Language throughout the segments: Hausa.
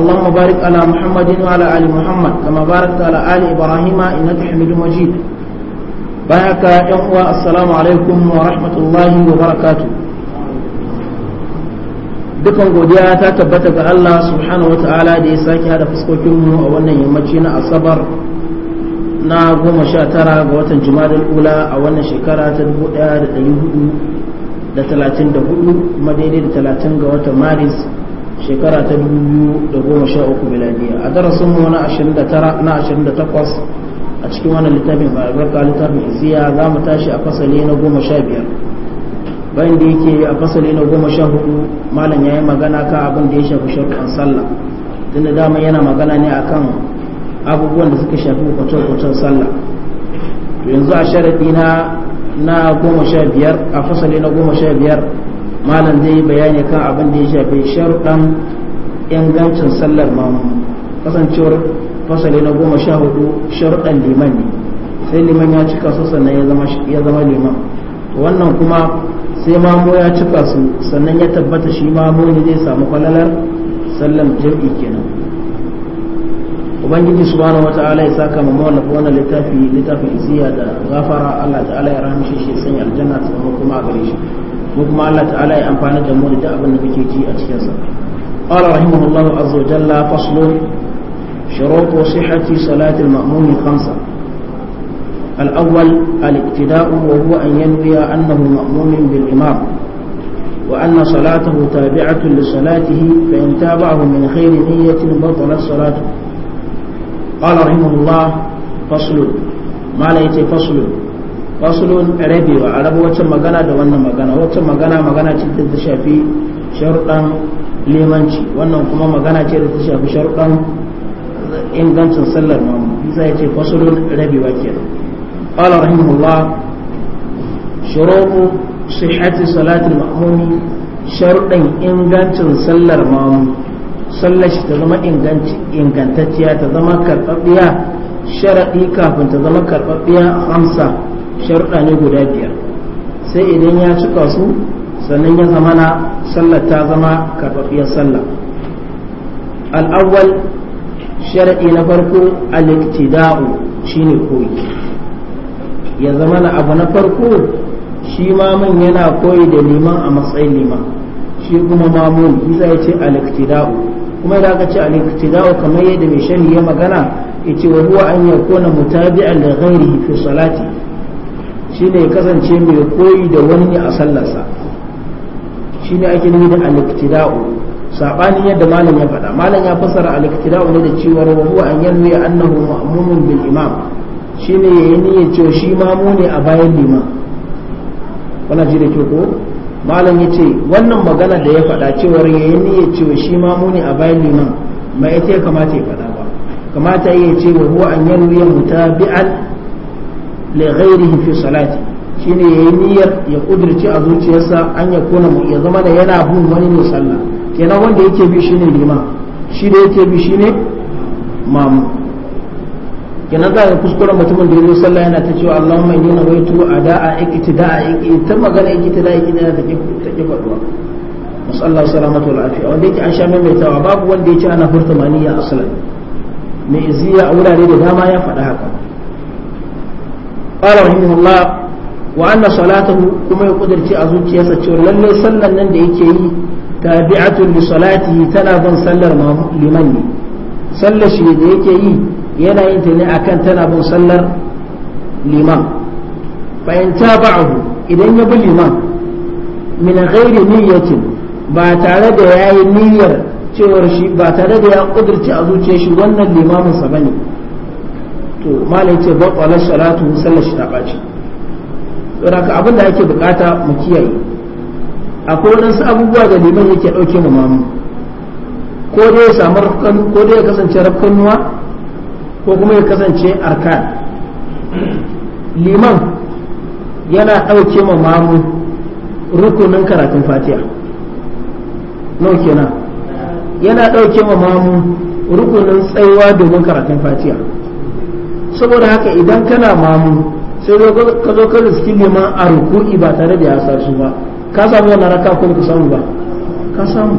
اللهم بارك على محمد وعلى آل محمد كما باركت على آل إبراهيم إنك حميد مجيد بارك يا السلام عليكم ورحمة الله وبركاته dukan godiya ta tabbata ga Allah subhanahu wata'ala da ya sake hada fuskokinmu a wannan yammaci na asabar na goma sha tara ga watan jumadal ula a wannan shekara ta dubu ɗaya da ɗari hudu da talatin da hudu kuma daidai da talatin ga watan maris shekara ta 2013 miladiya a darasin mu na 29 da 28 a cikin wannan littafin ba albarka littafin ziya za mu tashi a fasali na 15 bayan da yake a fasali na goma 14 malam ya yi magana kan abin da ya shafi sharuɗan sallah tunda dama yana magana ne akan abubuwan da suka shafi kwatankwatan sallah yanzu a sharaɗi na goma sha biyar a fasali na goma sha biyar malam zai yi bayani kan abin da ya shafi sharuɗan ingancin sallar mamu kasancewar fasali na goma sha hudu sharuɗan liman ne sai liman ya cika su sannan ya zama liman wannan kuma sai mamu ya cika su sannan ya tabbata shi mamu ne zai samu kwalalar sallar jam'i kenan ubangiji wata ala ya saka mu mawallaf wannan littafi littafin isiya da gafara Allah ta'ala ya rahmshe shi sanya aljanna ta kuma a gare shi ko kuma Allah ta'ala ya amfana da mu da abin da kake ji a cikin sa qala rahimahullahu azza wa jalla faslun شروط صحة صلاة المأمون خمسة الأول الاقتداء وهو أن ينوي أنه مأمون بالإمام وأن صلاته تابعة لصلاته فإن تابعه من خير نية بطلت صلاته قال رحمه الله فصل ما ليت فصل fasulun rabewa a raba waccan magana da wannan magana waccan magana magana ce da ta shafi sharuɗan limanci wannan kuma magana ce da ta shafi sharuɗan ingancin sallar mamu isa ya ce fasulun rabewa kenan qala rahimahullah shuruqu sihhati salatul ma'mum sharuɗan ingancin sallar mamu sallar shi ta zama ingantacciya ta zama karɓaɓɓiya sharaɗi kafin ta zama karɓaɓɓiya hamsa sharuɗa ne guda biyar sai idan ya cika su sannan ya zama na sallar ta zama karɓaɓɓiyar sallah al'awwal sharaɗi na farko al shi shine koyi ya zama na abu na farko shi mamun yana koyi da liman a matsayin liman shi kuma mamun isa ya ce al kuma da aka ce al kamar yadda mai shani ya magana yace wa huwa an yakuna mutabi'an da ghairihi fi salati shine ya kasance mai koyi da wani a sallarsa shine ake nufi da al-iktida'u sabanin yadda malam ya faɗa malam ya fassara al-iktida'u ne da cewa wa huwa an yanwi annahu ma'mumun bil imam shine yayi niyyar cewa shi mamu ne a bayan liman Wana ji da ke ko malam ya ce wannan magana da ya faɗa cewar ya yi niyyar cewa shi mamu ne a bayan liman ma ya kamata ya faɗa ba kamata ya ce wa huwa an yanwi mutabi'an li ghairihi fi salati shine yayi niyyar ya kudirce a zuciyarsa an ya kona mu ya zama da yana bin wani mai sallah kenan wanda yake bi shine lima shi da yake bi shine mamu kenan za ka kuskura mutumin da yayi sallah yana ta cewa a inni da a ikiti ta magana a iktida'a da take faduwa musallar salamatu wal afiya wanda yake an sha maimaitawa babu wanda ya ce ana furta maniya aslan mai ziya a wurare da dama ya faɗi haka qala rahimahullah wa anna kuma ya kudirce a zuciyarsa cewar lallai sallar nan da yake yi tabi'atun li salatihi tana bin sallar liman ne sallar shi da yake yi yana yin ta ne kan tana bin sallar liman fa in tabi'ahu idan ya bi liman min ghairi niyyatin ba tare da yayi niyyar cewar shi ba tare da ya kudirce a zuciyar shi wannan limaminsa sa bane to mala ce ba kwalar salatu sallar shi ta baci don haka abin da ake bukata mu kiyaye akwai su abubuwa da liman yake dauke mu mamu ko dai ya samu rafkanu ko dai ya kasance rafkanuwa ko kuma ya kasance arkan liman yana dauke mu mamu rukunin karatun fatiha nawa kenan yana dauke mu mamu rukunin tsayuwa domin karatun fatiha saboda haka idan kana mamu sai ka zo ka riski neman a ruku'i ba tare da ya su ba ka samu wannan raka ko ka samu ba ka samu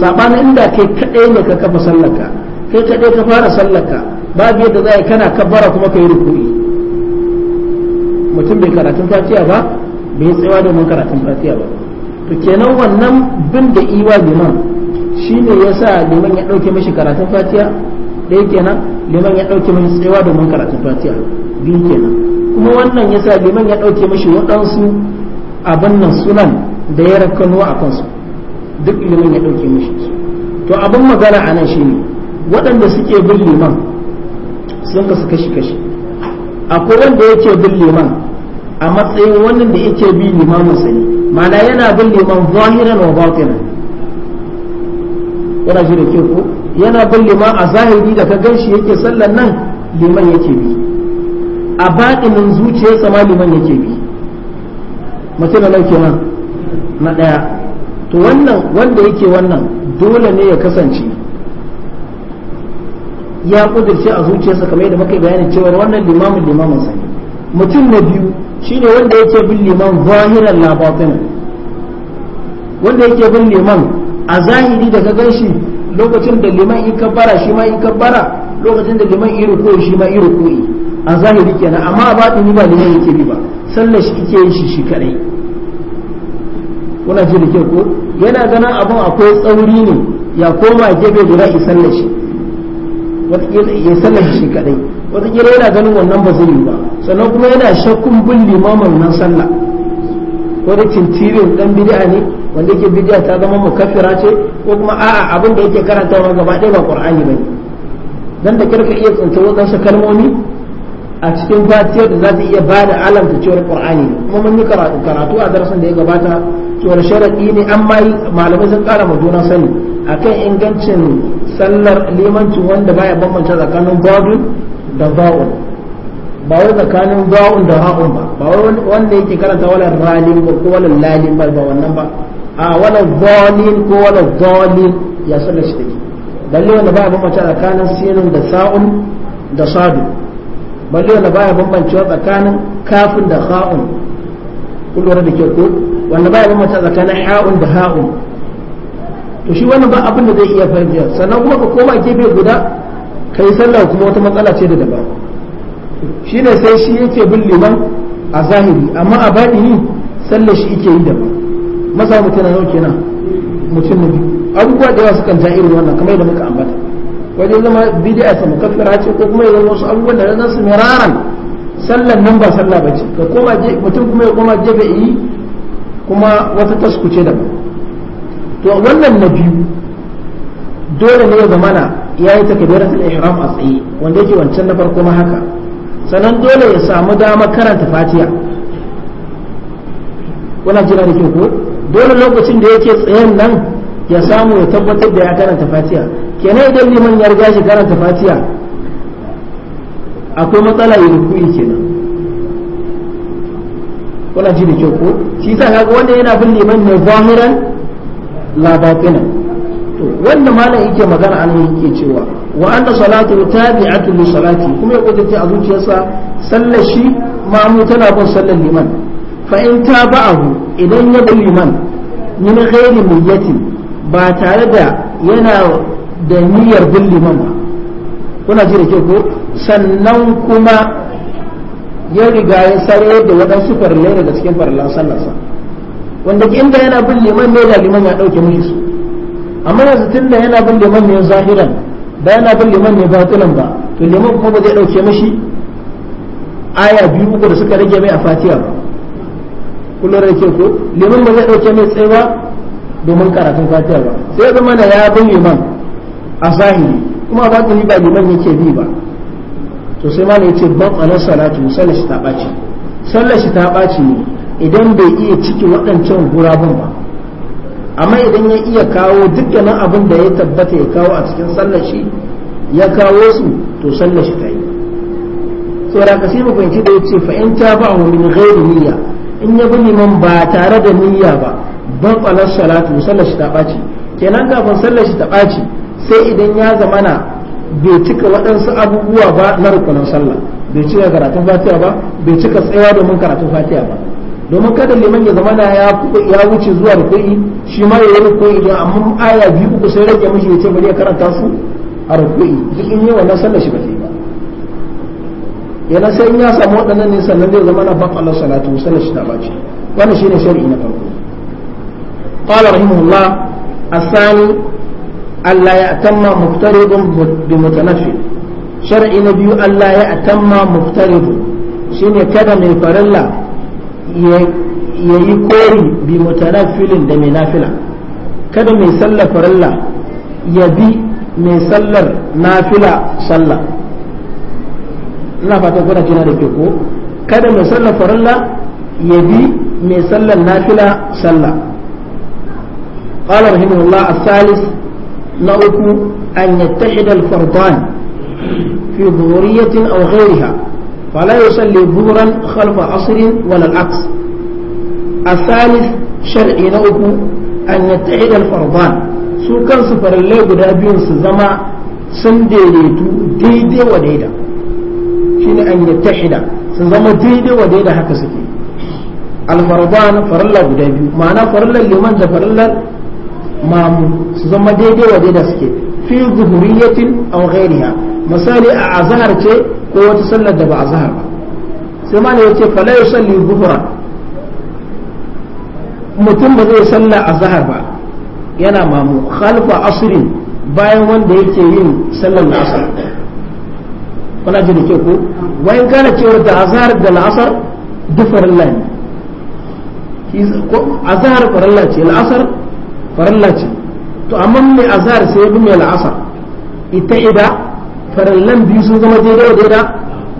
sabanin inda kai kadai ne ka kafa sallaka kai kadai ka fara sallaka babu yadda za kana kabbara kuma ka yi ruku'i mutum bai karatun fatiya ba bai da domin karatun fatiya ba to kenan wannan bin da iwa liman shine yasa liman ya dauke mashi karatun fatiya ɗaya kenan liman ya dauke mashi tsayawa domin karatun fatiha biyu kenan kuma wannan yasa liman ya dauke mashi waɗansu abin nan sunan da ya rakkano a kansu duk liman ya dauke mashi to abin magana a nan shine waɗanda suke bin liman sun kasu kashi kashi akwai wanda yake bin liman a matsayin wannan da yake bi limamin sani ma'ana yana bin liman zahiran wa batinan yana shi da ke ko yana bin liman a zahiri da ka ganshi yake sallar nan liman yake bi a baɗinin zuciyarsa ma liman yake bi mace na lauke nan na ɗaya to wannan wanda yake wannan dole ne ya kasance ya kudurce a zuciyarsa kamar yadda muka yi bayanin cewa wannan limamin limamin sa mutum na biyu shine wanda yake bin liman zahiran la wanda yake bin liman a zahiri da ka ganshi lokacin da liman in kabbara shi ma in kabbara lokacin da liman in rukuyi shi ma yi rukuyi a zahiri kenan amma ba batini ba liman yake bi ba sallar shi kike yin shi shi kadai kuna ji da ko yana ganin abun akwai tsauri ne ya koma gefe guda ya sallar shi ya sallar shi shi kadai wataƙila yana ganin wannan ba zai yi ba sannan kuma yana shakkun bin limamin nan sallah wani tintirin dan bid'a ne wanda yake bid'a ta zama mukaffira ce ko kuma a'a abin da yake karantawa gaba ɗaya ba qur'ani bane dan da kirka iya tsinta wadansu kalmomi a cikin fatiyar da za ta iya bada alamta cewar qur'ani kuma mun yi karatu karatu a darasin da ya gabata cewar sharadi ne an mai malamai sun kara juna sani akan ingancin sallar limanci wanda baya bambanta tsakanin babul da ba'un ba wai tsakanin ba'un da hau ba ba wanda yake karanta wala ralim ko wala lalim ba wannan ba a ah, wani zolin ko wani zolin ya sallar shi take balle wanda baya bambance tsakanin sinin da sa'un da sadu balle wanda baya bambancewa tsakanin kafin da ha'un kullum da ke ko wanda baya bambance tsakanin ha'un da ha'un to shi wannan ba abin da zai iya fahimta sannan kuma ka koma gefe guda ka yi sallah kuma wata matsala ce da daban shi ne sai shi yake bin liman a zahiri amma a baɗini sallar shi yake yi daban masa mutum na yau kenan mutum na biyu abubuwa da yawa sukan ja irin wannan kamar yadda muka ambata wajen zama bid'a ta mukaffara ce ko kuma yanzu wasu abubuwan da nan su miraran sallan nan ba sallah bace ka koma mutum kuma ya koma bai yi kuma wata taskuce da to wannan na biyu dole ne ya zamana ya yi takbiratul ihram a tsaye wanda yake wancan na farko ma haka sannan dole ya samu dama karanta fatiha kuna jira da ke ko dole lokacin da yake tsayen nan ya samu ya tabbatar da ya karanta fatiha kenan idan liman ya riga shi karanta fatiha akwai matsala ya rukuni kenan kuna ji da kyau ko shi sa kaga wanda yana bin liman ne zahiran la batina to wanda malam yake magana an yake cewa wa anna salatu tabi'atu li salati kuma ya kudace a zuciyarsa sallar shi ma mu tana bin sallar liman fa in tabahu idan ya bi liman min ghairi niyyati ba tare da yana da niyyar bin liman ba kuna ji da ke ko sannan kuma ya riga ya sarayar da waɗansu farillai daga cikin farillan sallarsa wanda inda yana bin liman ne da liman ya ɗauke mishi su amma yanzu tun da yana bin liman ne zahiran ba yana bin liman ne batilan ba to liman kuma ba zai ɗauke mishi aya biyu uku da suka rage mai a fatiha ba kullum da ke ko liman ba zai dauke mai tsaye ba domin karatun fatiyar ba sai zama da ya bin liman a zahiri kuma ba ta yi ba liman yake bi ba to sai malam yace ban ala salatu sallar shi ta ɓaci sallar shi ta ɓaci ne idan bai iya cikin waɗancan gurabun ba amma idan ya iya kawo dukkanin abin da ya tabbata ya kawo a cikin sallar shi ya kawo su to sallar shi ta yi saboda ka sai mu da yace fa in ta ba'u min ghairi niyya in ya bi liman ba tare da niyya ba ban kwalar salatu sallar shi ta ɓaci kenan kafin sallar shi ta ɓaci sai idan ya zamana bai cika waɗansu abubuwa ba na rukunan sallah bai cika karatun fatiha ba bai cika tsayawa domin karatun fatiha ba domin kada liman ya zamana ya wuce zuwa rukuni shi ma ya yi rukuni don amma aya biyu uku sai rage mishi ya ce bari ya karanta su a rukuni duk in yi wannan sallar shi ba kenan sai in ya samu waɗannan ne sannan zai zama na ba Allah salatu sallar shi ta bace wannan shine shari'i na farko qala rahimahullah asani alla ya'tamma muqtaridun bi mutanaffil shar'i na biyu Allah ya alla ya'tamma shi ne kada mai farilla ya yi kori bi mutanaffilin da mai nafila kada mai sallar farilla ya bi mai sallar nafila sallah ina fatan kuna tuna da ke kada mai sallar farilla ya bi mai sallar nafila sallah qala rahimahullah as-salis na uku an yattahida al-fardan fi dhuhuriyyatin aw ghayriha fala yusalli dhuhran khalfa asrin wala al a as-salis shar'i na uku an yattahida al-fardan su kansu farallai guda biyun su zama sun daidaitu daidai wa daidai shine an yattahida su zama daidai wa daidai haka suke alfarban farallar guda biyu ma'ana farallar liman da farallar mamu su zama daidai wa daidai suke fi zuhuriyatin aw ghairiha misali a azhar ce ko wata sallar da ba azhar ba sai ma ne yace fala yusalli zuhra mutum ba zai a azhar ba yana mamu khalfa asrin bayan wanda yake yin sallar asr kuna ji da ke ko wayan kana cewar da azhar da la'asar duk farilla ne azhar farilla ce la'asar farilla ce to amma mai azhar sai ya bi mai la'asar ita ida farillan biyu sun zama daidai wa daida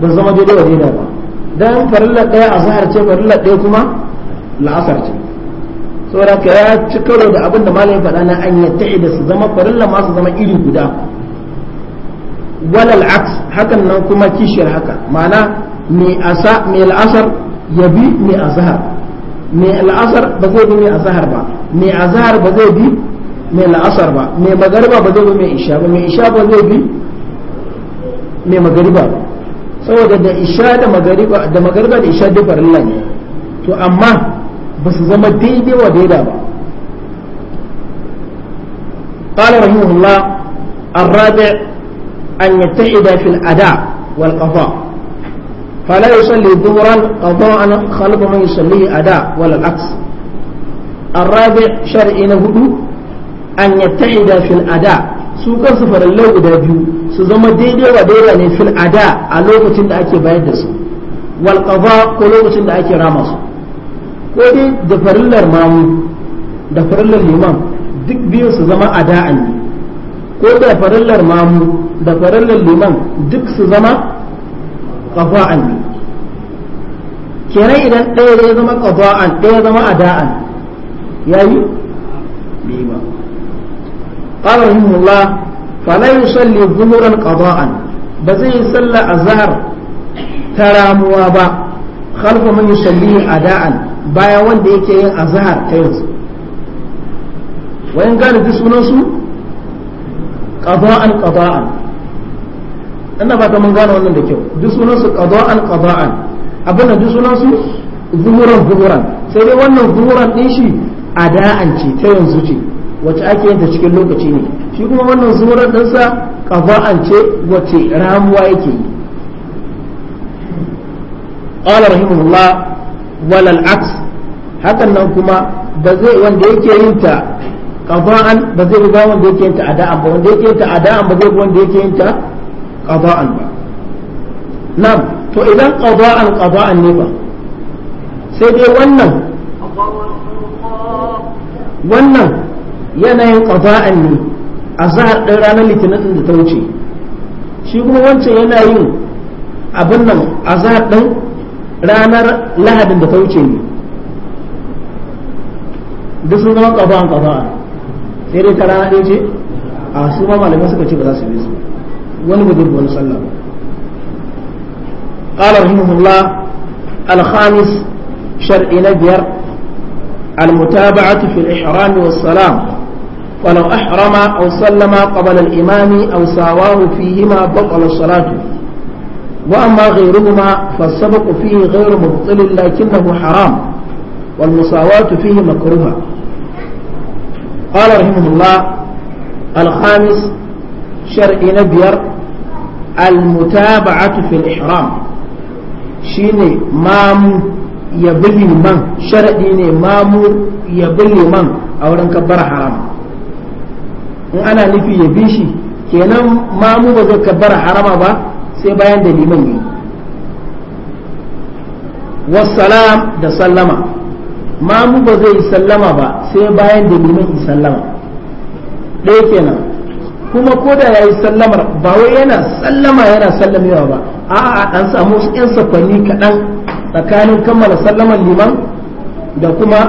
ba zama daidai wa daida ba dan farilla ɗaya azhar ce farilla ɗaya kuma la'asar ce saboda ka ya ci karo da abin da malamin faɗa na an yatta'i da su zama farilla ma su zama iri guda walal aks hakan nan kuma kishiyar haka ma'ana mai asa mai al'asar ya bi mai azhar mai al'asar ba zai bi mai azhar ba mai azhar ba zai bi mai la'asar ba mai magariba ba zai bi mai isha ba mai isha ba zai bi mai magariba saboda da isha da magariba da magariba da isha duk farilla ne to amma ba su zama daidai wa daida ba قال رحمه الله الرابع أن يتحد في الأداء والقضاء فلا يصلي ظهرا قضاء خلفه يصليه أداء ولا العكس الرابع شرعي نهدو أن يتحد في الأداء su kansu farallai guda biyu su zama daidai wa ne fil ada a lokacin da ake bayar da su ko lokacin da ake rama su ko dai da farillar mamu da farillar liman duk biyu su zama ada'an ne ko da farillar mamu da farallar liman duk su zama qada'an ne kenan idan ɗaya ya zama qada'an ɗaya zama ada'an yayi bai ba qala rahimullah fala yusalli dhuhran qada'an ba zai yi sallah azhar ta ramuwa ba khalfa man yusalli ada'an baya wanda yake yin azhar ta yanzu wayan gane duk ƙaba'an su ina fata mun gane wannan da kyau duk sunan su qada'an qada'an abin da duk sunan su zuhuran zuhuran sai dai wannan zuhuran din shi ada'an ce ta yanzu ce wacce ake yin ta cikin lokaci ne shi kuma wannan zuhuran din sa qada'an ce wacce ramuwa yake yi qala rahimahullah wal aks hakan nan kuma ba zai wanda yake yin ta qada'an ba zai ba wanda yake yin ta ada'an ba wanda yake yin ta ada'an ba zai wanda yake yin ta qada'an ba na'am to idan qada'an qada'an ne ba sai dai wannan wannan yanayin qada'an ne a zahar din ranar litinin da ta wuce shi kuma wancan yana yin abin nan a zahar din ranar lahadin da ta wuce ne duk sun zama qada'an qada'an sai dai ta rana ɗaya ce a su ma malamai suka ce ba za su bi su wani ba قال رحمه الله الخامس شرع نجر المتابعة في الإحرام والسلام ولو أحرم أو سلم قبل الإمام أو ساواه فيهما بطل الصلاة وأما غيرهما فالسبق فيه غير مبطل لكنه حرام والمساواة فيه مكروهة قال رحمه الله الخامس شرع نبير man في ne شيني مام يبلي من a مام يبلي من أو كبر حرام أنا نفي يبيشي kenan mamu ba zai kabbara harama ba sai bayan da liman yi wassalam da sallama mamu ba zai yi sallama ba sai bayan da liman sallama ɗaya kenan kuma ko da ya yi sallamar ba wai yana sallama yana sallamewa ba a'a a samu wasu yan safanni kaɗan tsakanin kammala sallamar liman da kuma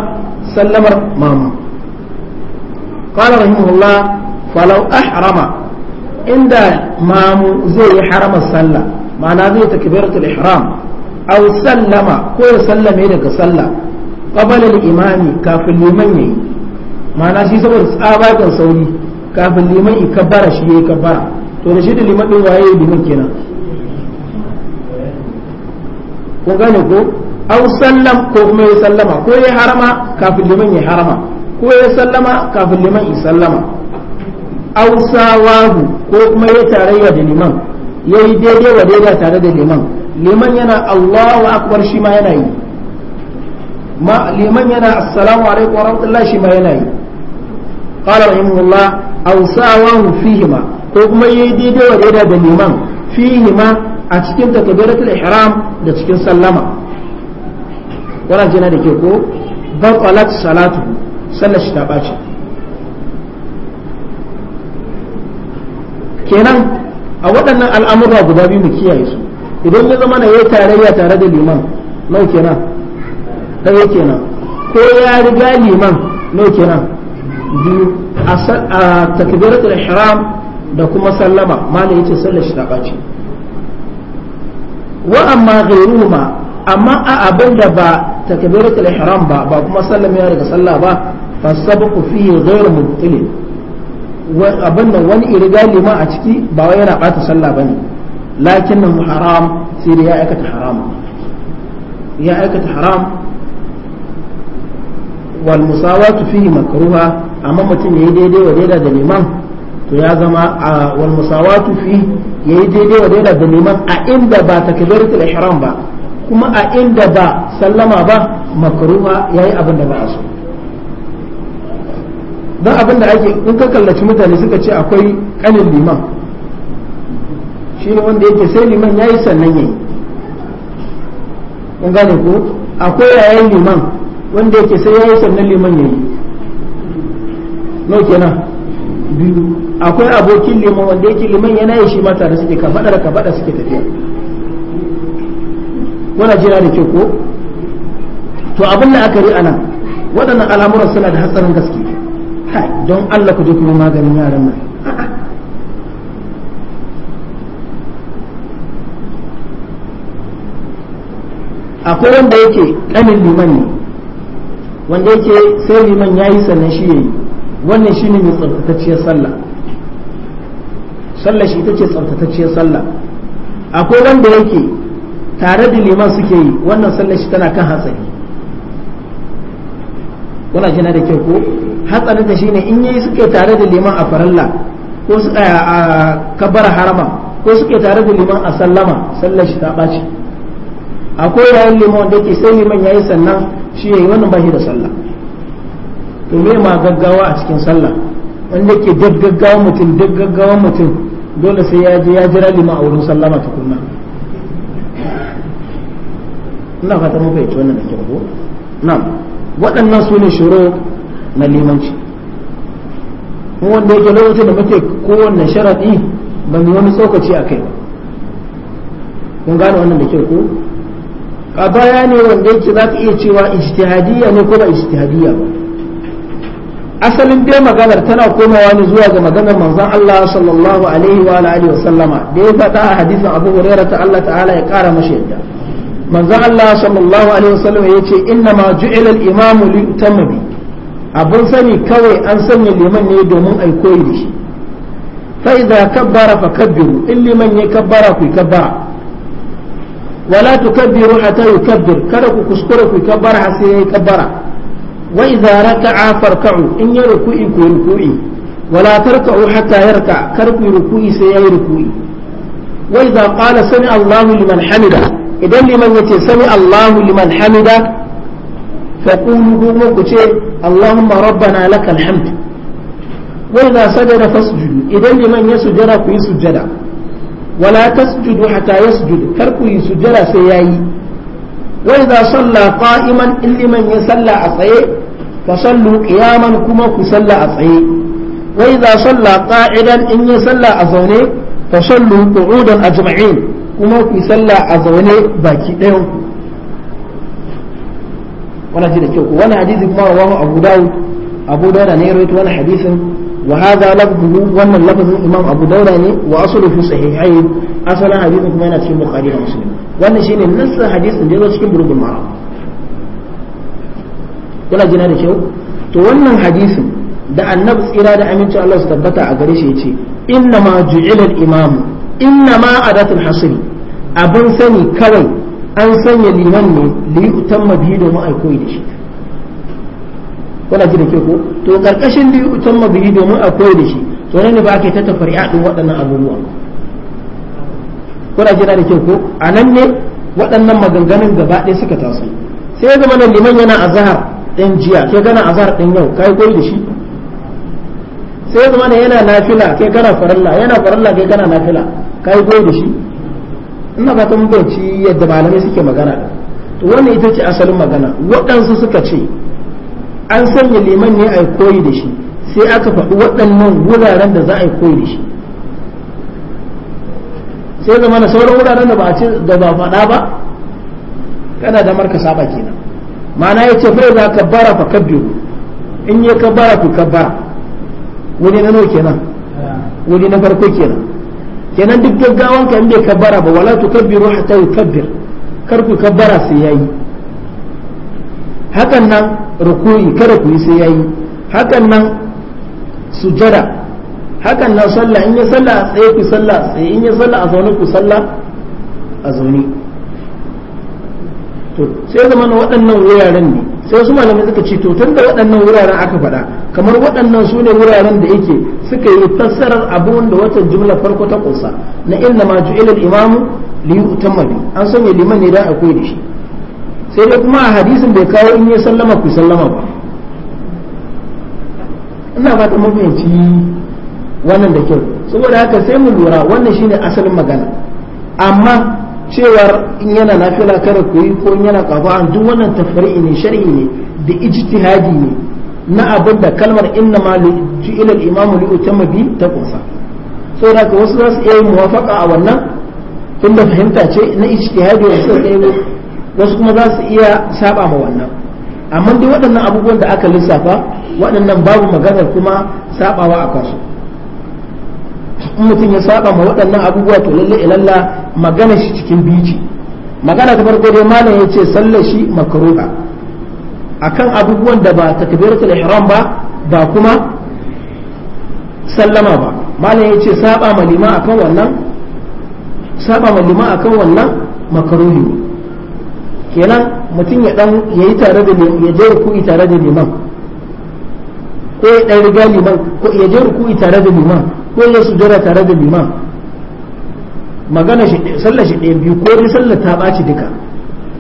sallamar mama ƙwarar himmullah falau a harama inda mamu zai yi harama sallah ma'ana zai ta kibiratul ihram aw sallama ko ya sallame daga sallah qabala al imami kafin liman yayi ma'ana shi saboda tsabakan sauri kafin liman in kabbara shi yayi kabbara to da shi da liman din waye liman kenan ko gane ko aw sallam ko kuma ya sallama ko ya harama kafin liman ya harama ko ya sallama kafin liman ya sallama aw sawahu ko kuma ya tarayya da liman yayi daidai wa daidai tare da liman liman yana Allahu akbar shi ma yana yi ma liman yana assalamu alaikum wa rahmatullahi shi ma yana yi qala rahimahullah aw sawahu fihima ko kuma yayi daidai wa daidai da liman fihima a cikin takbiratul ihram da cikin sallama wannan jina da ke ko salatu shi ta kenan a waɗannan al'amurra guda biyu mu kiyaye su idan ya zama na yi tarayya tare da liman nau kenan ɗaya kenan ko ya riga liman nau kenan biyu a takbiratul ihram da kuma sallama mala yace sallar shi ta bace wa amma ghayruhuma amma a abin da ba takbiratul ihram ba ba kuma sallama daga sallah ba fa sabqu fihi ghayru mubtilin wani iriga lima a ciki ba wai yana bata sallah bane lakinnahu haram sai ya aikata haram ya aikata haram wal musawatu fihi makruha amma mutum yayi daidai wa daidai da liman to ya zama wal musawatu fi yayi daidai wa daidai da liman a inda ba takbiratul ihram ba kuma a inda ba sallama ba makruha yayi abin da ba a so Dan abin da ake in ka kallaci mutane suka ce akwai kanin liman shi ne wanda yake sai liman yayi sannan yayi kun gane ko akwai yayin liman wanda yake sai ya yi sannan liman ne no kenan biyu akwai abokin liman wanda yake liman yana yi shi mata da suke ka da ka fada suke tafiya wannan jira da ke ko to abin da aka yi ana waɗannan al'amuran suna da hatsarin gaske don Allah ku je kuma maganin yaran nan akwai wanda yake kanin liman ne wanda yake sai liman ya yi sannan shi yayi wannan ne mai tsaftatacciyar sallah sallah shi ita ce tsaftatacciyar sallah akwai wanda yake tare da liman suke yi wannan sallah shi tana kan hatsari kuna jina da kyau ko hatsarin da shine in yayi suke tare da liman a faralla ko su a kabar harama ko suke tare da liman a sallama sallah shi ta ɓaci akwai yayin liman da ke sai liman yayi sannan shi yayi wannan ba shi da sallah to me ma gaggawa a cikin sallah wanda ke daggaggawa mutum daggaggawa mutum dole sai ya je ya jira lima a wurin sallama tukunna ina fata mun fahimci wannan da kyau ko na'am waɗannan su ne shiro na limanci mu wanda yake lokacin da muke kowanne sharaɗi ban yi wani tsokaci a kai kun gane wannan da kyau ko a baya ne wanda yake za ka iya cewa ijtihadiyya ne kuma ba ijtihadiyya ba asalin dai maganar tana komawa ne zuwa ga maganar manzon Allah sallallahu alaihi wa alihi wa sallama da ya faɗa a hadisin Abu Hurairah ta Allah ta'ala ya ƙara mashi yadda manzon Allah sallallahu alaihi wa sallama yace inna ma ju'ila al-imamu li yutamma abun sani kawai an sanya liman ne domin ai koyi da shi fa idza kabbara fakabbiru in liman ya kabbara ku kabbara wala tukabbiru hatta yukabbir kada ku kuskure ku kabbara har sai yayi kabbara wa idza raka'a farka'u in ya ruku'i ku ruku'i wala tarka'u hatta yarka kar ku ruku'i sai yayi ruku'i wa idza qala sami Allahu liman hamida idan liman yace sami Allahu liman hamida fa qulu ku ce Allahumma rabbana lakal hamd wa idza sajada fasjudu idan liman ya sujada ku yi sujada wala tasjudu hatta yasjudu kar ku yi sujjada sai yayi wa idza salla qa'iman illiman ya salla a tsaye fa sallu qiyaman kuma ku salla a tsaye wa idza salla qa'idan in ya salla a zaune fa sallu qu'udan ajma'in kuma ku salla a zaune baki ɗayan ku wannan da kyau wannan hadisi kuma rawahu abu dawud abu dawud ne ya rawaito wannan hadisin وهذا لفظه وان لفظ الامام ابو داود ne wa aslu fi sahihayn asalan hadisin kuma yana cikin bukhari da muslim wannan shine nassin hadisin da yazo cikin bulugul maram kuna jina da kyau to wannan hadisin da annabi tsira da amincin Allah su tabbata a gare shi ya ce ma ju'ila al-imam inna ma adatul hasr abin sani kawai an sanya liman ne li yutamma bihi da shi kuna ji da ke ko to karkashin da ma mabihi domin a koyi da shi to ne ba ka ta tafari adin waɗannan abubuwa kuna ji da ke ko a nan ne waɗannan maganganun gaba ɗaya suka taso sai ya zama nan liman yana azhar ɗin jiya kai kana azhar ɗin yau kai koyi da shi sai ya zama nan yana nafila kai kana faralla yana faralla kai kana nafila kai koyi da shi ina ba ta mun yadda malamai suke magana to wannan ita ce asalin magana waɗansu suka ce an sanya liman ne a koyi da shi sai aka faɗi waɗannan wuraren da za a yi koyi da shi sai zama na sauran wuraren da ba a ce da ba faɗa ba kana da marka saba kenan ma'ana ya ce fai za ka bara fa kabbiru in ya ka bara ku bara wani na nawa kenan wani na farko kenan kenan duk gaggawan ka in bai ka bara ba wala tu kabbiru hatta yukabbir kar ku ka bara sai yayi hakan nan ruku'i kada ku yi sai yayi hakan nan sujada hakan nan sallah in ya sallah a tsaye ku sallah tsaye in ya sallah a zaune ku sallah a zaune to sai zama na waɗannan wuraren ne sai su malamai suka ce to tun da waɗannan wuraren aka faɗa kamar waɗannan su ne wuraren da yake suka yi fassarar abin da wata jumla farko ta ƙunsa na inna ma ju'ila al-imamu li yu'tamma an sanya liman ne da akwai da shi sai da kuma a hadisin bai kawo in ya sallama ku sallama ba ina ba ta mafiyanci wannan da kyau saboda haka sai mu lura wannan shine asalin magana amma cewar in yana nafila kada ku yi ko in yana an duk wannan tafari ne shari'i ne da ijtihadi ne na abin da kalmar inna ma ju'ila al-imamu li utamma bi ta kusa saboda haka wasu za su iya yin muwafaqa a wannan tunda fahimta ce na ijtihadi wasu sai wasu kuma za su iya saba ma wannan amma dai waɗannan abubuwan da aka lissafa waɗannan babu maganar kuma sabawa a kansu in mutum ya saba ma waɗannan abubuwa to lalle ilalla magana shi cikin biji magana ta farko dai malam ya ce sallar shi makruha akan abubuwan da ba takbiratul ihram ba ba kuma sallama ba malam ya ce saba ma lima akan wannan saba ma liman akan wannan makruhi kenan mutum ya dan yayi tare da ya je ruku'i tare da liman ko ya dan riga liman ko ya je ruku'i tare da liman ko ya sujjara tare da liman magana shi sallar shi ɗaya biyu ko dai sallar ta ɓaci duka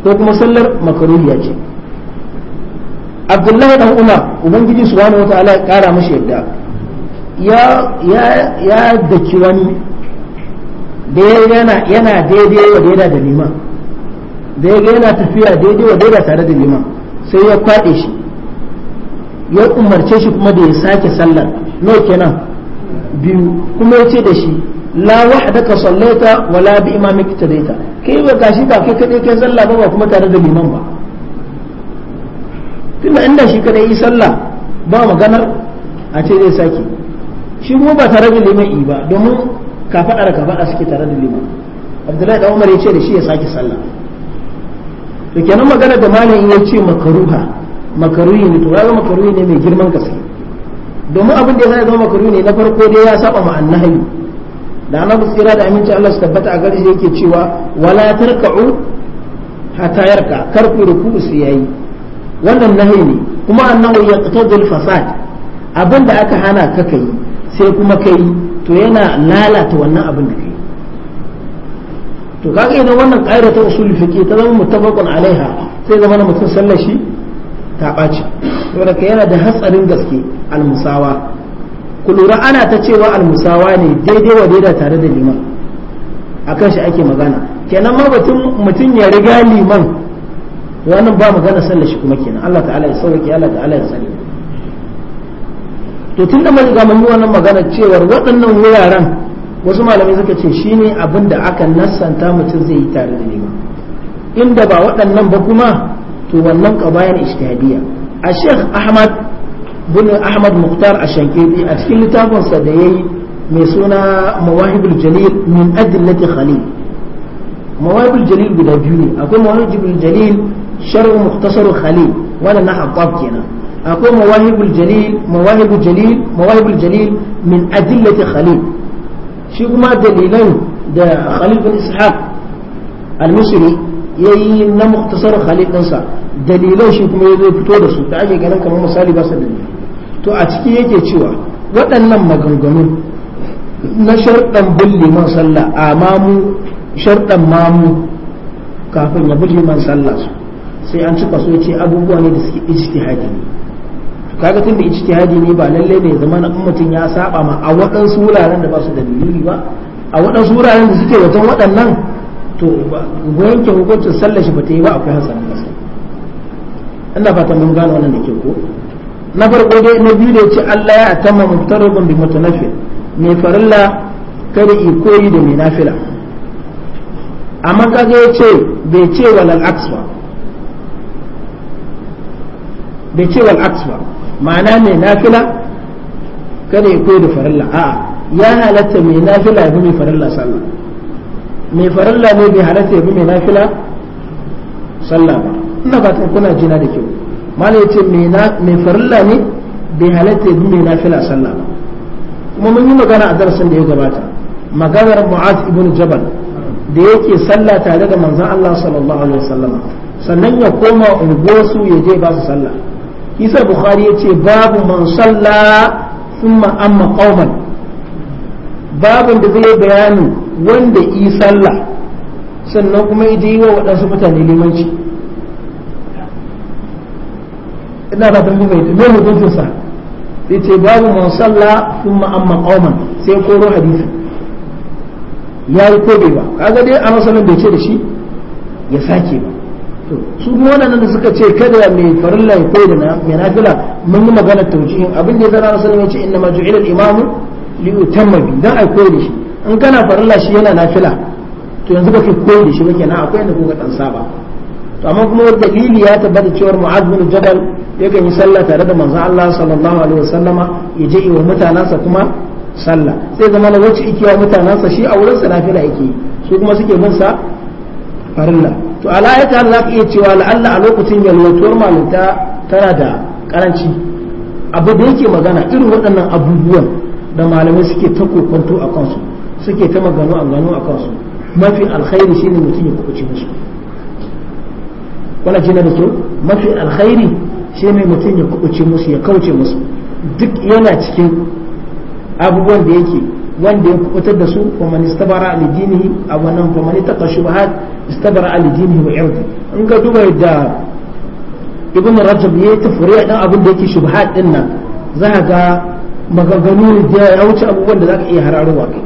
ko kuma sallar makaruhiya ce abdullahi dan umar ubangiji subhanahu wataala ya kara mashi yadda ya ya ya daki wani da yana yana daidai wa daidai da liman da ya ga yana tafiya daidai wa daidai tare da liman sai ya kwaɗe shi ya umarce shi kuma da ya sake sallar no kenan biyu kuma ya ce da shi la ka sallaita wala bi imamika tadaita kai ba gashi ba kai kadai kai sallah ba ba kuma tare da liman ba tunda inda shi kadai yi sallah ba maganar a ce zai sake shi kuma ba tare da liman yi ba domin ka faɗa da ka faɗa suke tare da liman abdullahi da umar ya ce da shi ya sake sallah to kenan magana da malamin ya ce makaruha makaruhi ne to ya makaruhi ne mai girman gaske domin abin da ya zama makaruhi ne na farko dai ya saba ma annahi da annabi tsira da aminci Allah su tabbata a gare yake cewa wala tarka'u hatta yarka kar ku ruku su yayi wannan nahi ne kuma annahu yaqtadul fasad abin da aka hana ka kai sai kuma kai to yana lalata wannan abin da kai to kaga idan wannan ƙa'ida ta usul fiqi ta zama muttafaqun alaiha sai zama mutum sallar shi ta ɓaci saboda ka yana da hatsarin gaske almusawa ku lura ana ta cewa almusawa ne daidai wa daidai tare da liman akan shi ake magana kenan ma batun mutum ya riga liman wannan ba magana sallar shi kuma kenan Allah ta'ala ya sauke Allah ta'ala ya sani to tun da mun ga mun wannan magana cewa waɗannan wuraren wasu malamai suka ce ne abin da aka nassanta mutum zai yi tare da nema inda ba waɗannan ba kuma to wannan qabayan ijtihadiyya a Sheikh Ahmad bin Ahmad a Ashankidi a cikin littafinsa da yayi mai suna Mawahibul Jalil min adillati Khalil mawahibul jalil guda biyu ne akwai mawahibul jalil shar'u mukhtasaru khalil wala na haqqab kenan akwai mawahibul jalil mawahibul jalil mawahibul jalil min adillati khalil shi kuma dalilan da Khalid bin Ishaq al-Misri yayi na muktasar Khalid ɗinsa dalilan shi kuma yazo fito da su da ake ganin kamar misali ba su dalili to a ciki yake cewa waɗannan maganganu na sharɗan bulli liman sallah a mamu sharɗan mamu kafin ya bulli man sallah su sai an ci su yace abubuwa ne da suke ijtihadi ne kaga tunda ijtihadi ne ba lalle ne zama na mutum ya saba ma a wadan wuraren da ba su da dalili ba a waɗansu wuraren da suke wajen waɗannan to yanke hukuncin sallar shi ba ta yi ba akwai hasarin gaske ina fata mun gano wannan da ke ko na farko dai na biyu da ce Allah ya atamma mutarabun bi mutanafil me farilla kada i koyi da mai nafila amma kaga ya ce bai ce walal aks ba bai ce wal ba ma'ana mai nafila kada ya koyi da faralla a'a ya halatta mai nafila ya bi mai farilla sallah mai faralla ne bai halatta ya bi mai nafila sallah ba ina ba kuna jina da kyau malai ya ce mai farilla ne bai halatta ya bi mai nafila sallah ba kuma mun yi magana a darasin da ya gabata maganar mu'az ibn jabal da yake sallah tare da manzon Allah sallallahu alaihi wasallam sannan ya koma unguwarsu ya je ba su sallah isa bukhari ya ce babu man salla ma'amma amma qauman babin da zai bayani wanda yi sallah sannan kuma ya yi wa waɗansu mutane limanci ina ba bai ne mutuncin sa sai ce babu man salla sun amma qauman sai koro hadisi ya yi ko ba kaga dai a masalin bai ce da shi ya sake ba su kuma waɗannan da suka ce kada mai farilla ya koyi da mai nafila mun yi magana taujihin abin da ya zara rasul ya ce inna ma ju'ila imamu li yutamma bi dan ai koyi da shi in kana farilla shi yana nafila to yanzu ba kai koyi da shi ba kenan akwai inda kuka dan saba to amma kuma dalili ya tabbata cewa mu'az bin jabal kan yi sallah tare da manzon Allah sallallahu alaihi wasallama ya je wa mutanansa kuma sallah sai zama na wacce yake wa mutanansa shi a wurin sa nafila yake su kuma suke bin sa farilla to ala ya ta za ka iya cewa la'alla a lokacin yalwatuwar malinta tana da karanci abu da yake magana irin waɗannan abubuwan da malamai suke ta kokonto a kansu suke ta maganu a gano a kansu mafi alkhairi shine mutum ya kuɓuce musu wannan jina da kyau mafi alkhairi shine mutum ya kuɓuce musu ya kauce musu duk yana cikin abubuwan da yake wanda ya kubutar da su wa man istabara ali dinihi aw man fa man ittaqa shubuhat istabara ali dinihi wa irdi in ka duba yadda ibn rajab ya furiya dan abin da yake shubahat din nan za ka ga maganganu da ya wuce abubuwan da za ka iya hararowa kai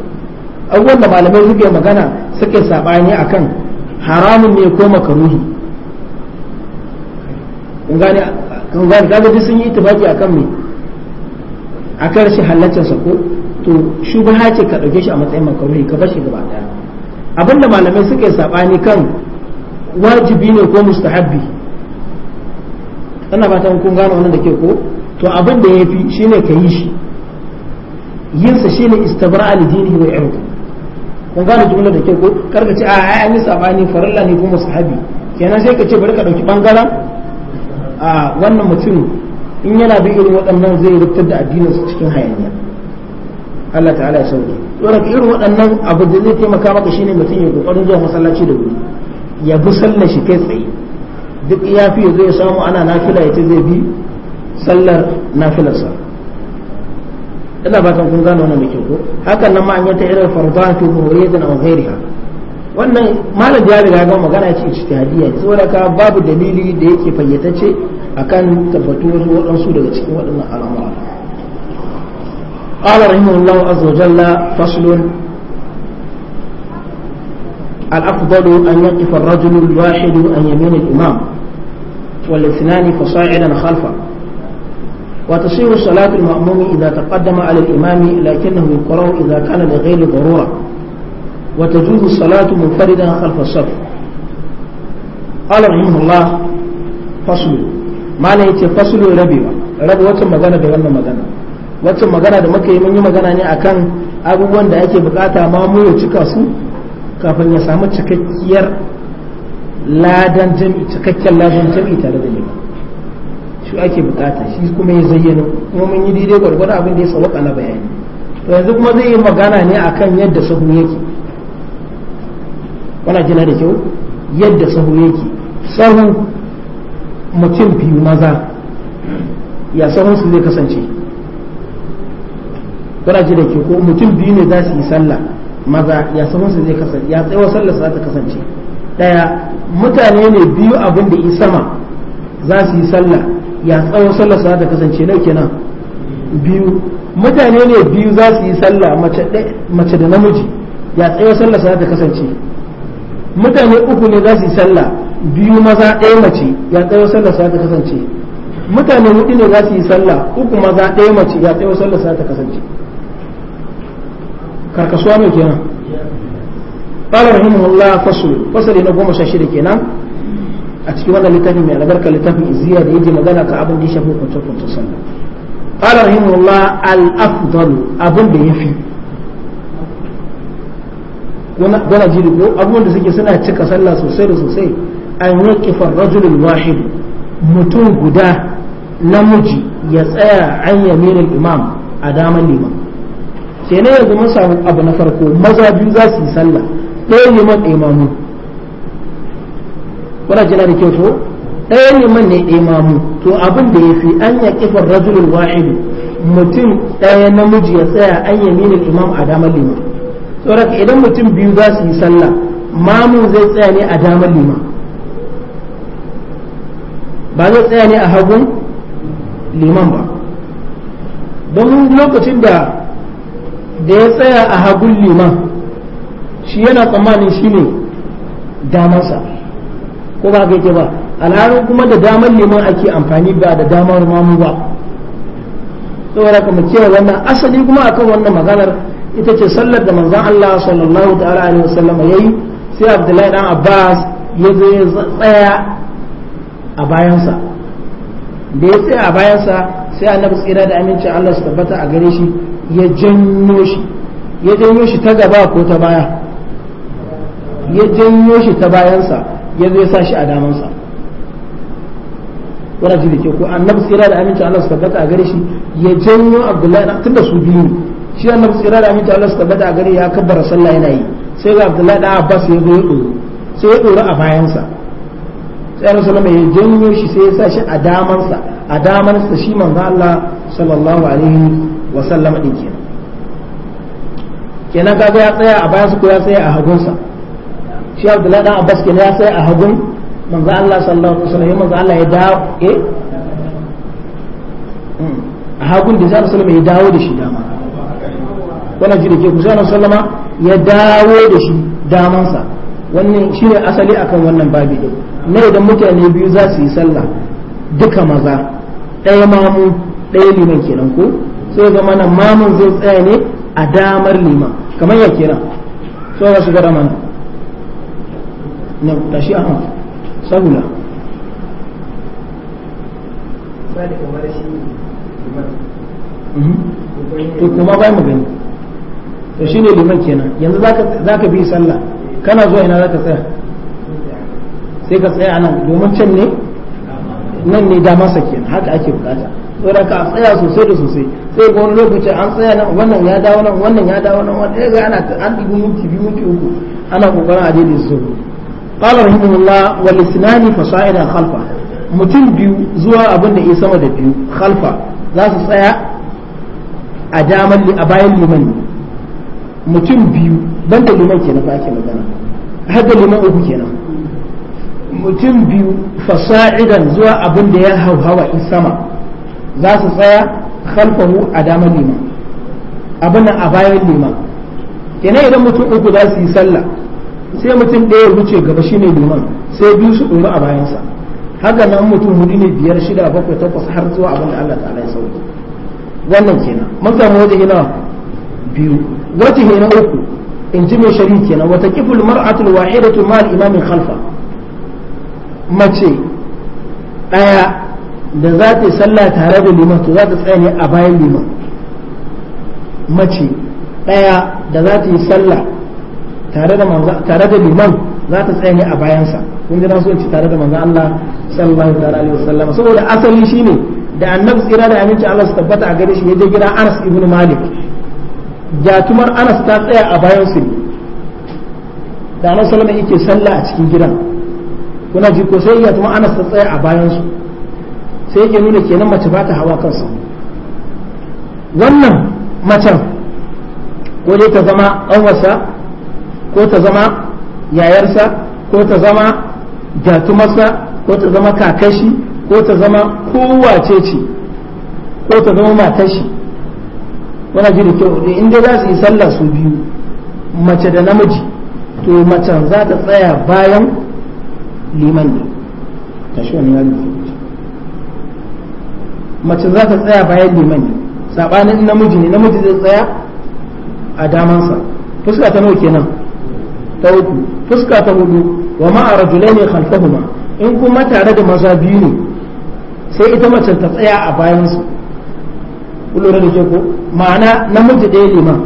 abubuwan da malamai suke magana suke sabani akan haramun ne ko makaruhi kun gane kun gane kaga sun yi tafaki akan me akan shi halaccin sa ko to shubaha ce ka ɗauke shi a matsayin makaruhi ka bashi gaba ɗaya abinda malamai suka yi saɓani kan wajibi ne ko mustahabbi ana fatan kun gano wannan da ke ko to abin da ya fi shi ne ka yi shi yinsa shine istabra alidinihi wa irku kun gano jumlar da ke ko karka ce a ai ni yi saɓani farilla ne ko mustahabbi kenan sai ka ce bari ka ɗauki ɓangaren a wannan mutum in yana bi irin waɗannan zai rubutar da addininsa cikin hayaniya Allah ta'ala ya sauke saboda irin waɗannan abu da zai taimaka maka shine mutum ya kokarin zuwa masallaci da wuri ya bi sallar shi kai tsaye duk ya fi ya samu ana nafila ya ce zai bi sallar nafilarsa ina fatan kun gano wannan kyau ko hakan nan ma an yanta irin farzan fi muhriyatin aw ghairiha wannan malam ya riga ga magana ce ijtihadiyya saboda ka babu dalili da yake fayyatace akan tabbatuwar waɗansu daga cikin waɗannan al'amura قال رحمه الله عز وجل فصل الأفضل أن يقف الرجل الواحد عن يمين الإمام والاثنان فصاعدا خلفه وتصير صلاة المأموم إذا تقدم على الإمام لكنه يقرأ إذا كان لغير ضرورة وتجوز الصلاة منفردا خلف الصف قال رحمه الله فصل ما فصل ربي ربي وتم مدنة بغنى مدنة wacce magana da muka yi mun yi magana ne akan abubuwan da ake bukata ma mu ya cika su kafin ya samu cikakkiyar ladan jami'i cikakken ladan jami'i tare da liman shi ake bukata shi kuma ya zayyana kuma mun yi daidai gwargwado abin da ya sawaka na bayani to yanzu kuma zai yi magana ne akan yadda sahu yake wala jina da kyau yadda sahu yake sahu mutum biyu maza ya sahun su zai kasance kuna ji da ke ko mutum biyu ne za su yi sallah maza ya sahun su zai kasance ya tsawon sallar za ta kasance daya mutane ne biyu abin da sama za su yi sallah ya sallah sallar za ta kasance nau kenan biyu mutane ne biyu za su yi sallah mace da namiji ya sallah sallar za ta kasance mutane uku ne za su yi sallah biyu maza ɗaya mace ya sallah sallar za ta kasance mutane hudu ne za su yi sallah uku maza ɗaya mace ya sallah sallar za ta kasance karkasuwa mai kenan قال رحمه الله فصل فصل na goma sha shida kenan a cikin wannan littafin mai albarka littafin iziya da yake magana ka abin da ya shafi kwance kwance sallah qala rahimahullah al afdalu abin da yafi wala jiri ko abubuwan da suke suna cika sallah sosai da sosai an yaqifa rajulul wahid mutum guda namiji ya tsaya an yaminul imam a daman liman kenan yanzu mun samu abu na farko maza biyu za su yi sallah ɗaya liman ɗaya mamu kuna jina da kyau ko ɗaya man ne ɗaya mamu to abin da ya fi an ya kifar rajulul wa'idu mutum ɗaya namiji ya tsaya an ne imam a damar liman saboda idan mutum biyu za su yi sallah mamu zai tsaya ne a damar liman ba zai tsaya ne a hagun liman ba don lokacin da da ya tsaya a hagun liman shi yana tsammanin shi ne damansa ko ba ga ba al'adun kuma da damar liman ake amfani ba da damar mamu ba saboda kuma cewa wannan asali kuma akan wannan maganar ita ce sallar da manzon Allah sallallahu ta'ala alaihi wasallam yayi sai Abdullahi dan Abbas ya zo ya tsaya a bayansa da ya tsaya a bayansa sai annabi tsira da aminci Allah su tabbata a gare shi ya janyo shi ya janyo shi ta gaba ko ta baya ya janyo shi ta bayansa ya zo ya sa shi a damansa wani jini ke ko nafi tsira da aminci Allah su tabbata a gare shi ya janyo abdullahi na tunda su biyu shi shi nafi tsira da aminci Allah su tabbata a gare ya kabbara sallah yana yi sai ga abdullahi da abbas ya zo ya ɗoro sai ya ɗoro a bayansa sai rasul mai ya janyo shi sai ya sa shi a damansa a damansa shi manzo Allah sallallahu alaihi wa sallama din kenan kenan kaga ya tsaya a bayan su ko ya tsaya a hagunsa shi abdullahi dan abbas kenan ya tsaya a hagun manzo Allah sallallahu alaihi wasallam manzo Allah ya dawo eh hmm. a hagun da sallallahu alaihi ya dawo da shi dama wannan jira ke kusa na sallama ya dawo da shi damansa wannan shine asali akan wannan babi din na idan mutane biyu za su yi sallah duka maza ɗaya mamu ɗaya liman kenan ko sai zama nan mamun zai tsaya ne a damar lima kamar ya kira so ga shiga gara na tashi a sahula mhm. to kuma bai mu gani to shine liman kenan yanzu zaka ka bi sallah kana zuwa ina zaka tsaya sai ka tsaya nan domin can ne nan ne dama sa kenan haka ake bukata saboda ka tsaya sosai da sosai sai ga wani lokaci an tsaya nan wannan ya dawo nan wannan ya dawo nan wani ga ana an dubi minti biyu minti uku ana kokarin a daidai su qala rahimahullah wal isnani fasaidan khalfa mutum biyu zuwa abin da ya sama da biyu khalfa za su tsaya a daman a bayan liman mutum biyu ban da liman kenan ba ake magana har da liman uku kenan mutum biyu fasa'idan zuwa abin da ya hauhawa in sama za su tsaya khalfahu a damar liman abin a bayan liman kenan idan mutum uku za su yi sallah sai mutum ɗaya wuce gaba shine liman sai biyu su ɗoru a bayansa haka nan mutum hudu ne biyar shida bakwai takwas har zuwa abin da Allah ta'ala ya sauke wannan kenan mun samu wajen ina biyu wajen ina uku in ji mai shari kenan wata kiful mar'atul wahidatu ma al-imamin khalfa mace ɗaya da za ta yi sallah tare da liman to za ta tsaya ne a bayan liman mace ɗaya da za ta yi sallah tare da tare da liman za ta tsaya ne a bayansa kun ji na yanci tare da manzo Allah sallallahu alaihi wasallam saboda asali shine da annabi tsira da aminci Allah su tabbata a gare shi ya je gida Anas ibn Malik jatumar Anas ta tsaya a bayan su ne da Anas salama yake sallah a cikin gidan kuna ji ko sai jatumar Anas ta tsaya a bayan su sai yake nuna kenan mace ba ta hawa kansa wannan macen ko dai ta zama ƙanwarsa ko ta zama yayarsa ko ta zama jatumarsa ko ta zama kakashi ko ta zama kowace ce ko ta zama matashi wana ji da kyau in dai za su yi sallah su biyu mace da namiji to macen za ta tsaya bayan liman ne shi wani mace za ta tsaya bayan liman ne sabanin namiji ne namiji zai tsaya a damansa fuska ta nawa kenan ta uku fuska ta hudu wa ma a ne khalfahuma in kuma tare da maza biyu ne sai ita mace ta tsaya a bayansu kun da ke ko ma'ana namiji ɗaya liman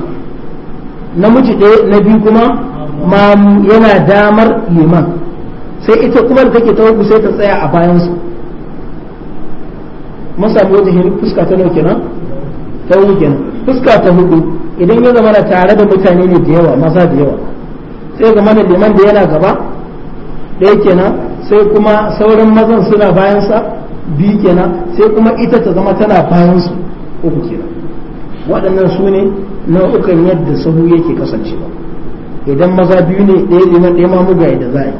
namiji ɗaya na biyu kuma ma yana damar liman sai ita kuma da take ta uku sai ta tsaya a bayansu mun samu wajihin fuska ta nawa kenan ta wuri kenan fuska ta hudu idan ya zama tare da mutane ne da yawa maza da yawa sai zama da liman da yana gaba ɗaya kenan sai kuma sauran mazan suna bayansa biyu kenan sai kuma ita ta zama tana bayansu uku kenan waɗannan su ne nau'ukan yadda sahu yake kasancewa idan maza biyu ne ɗaya liman ɗaya mamu ga yadda za a yi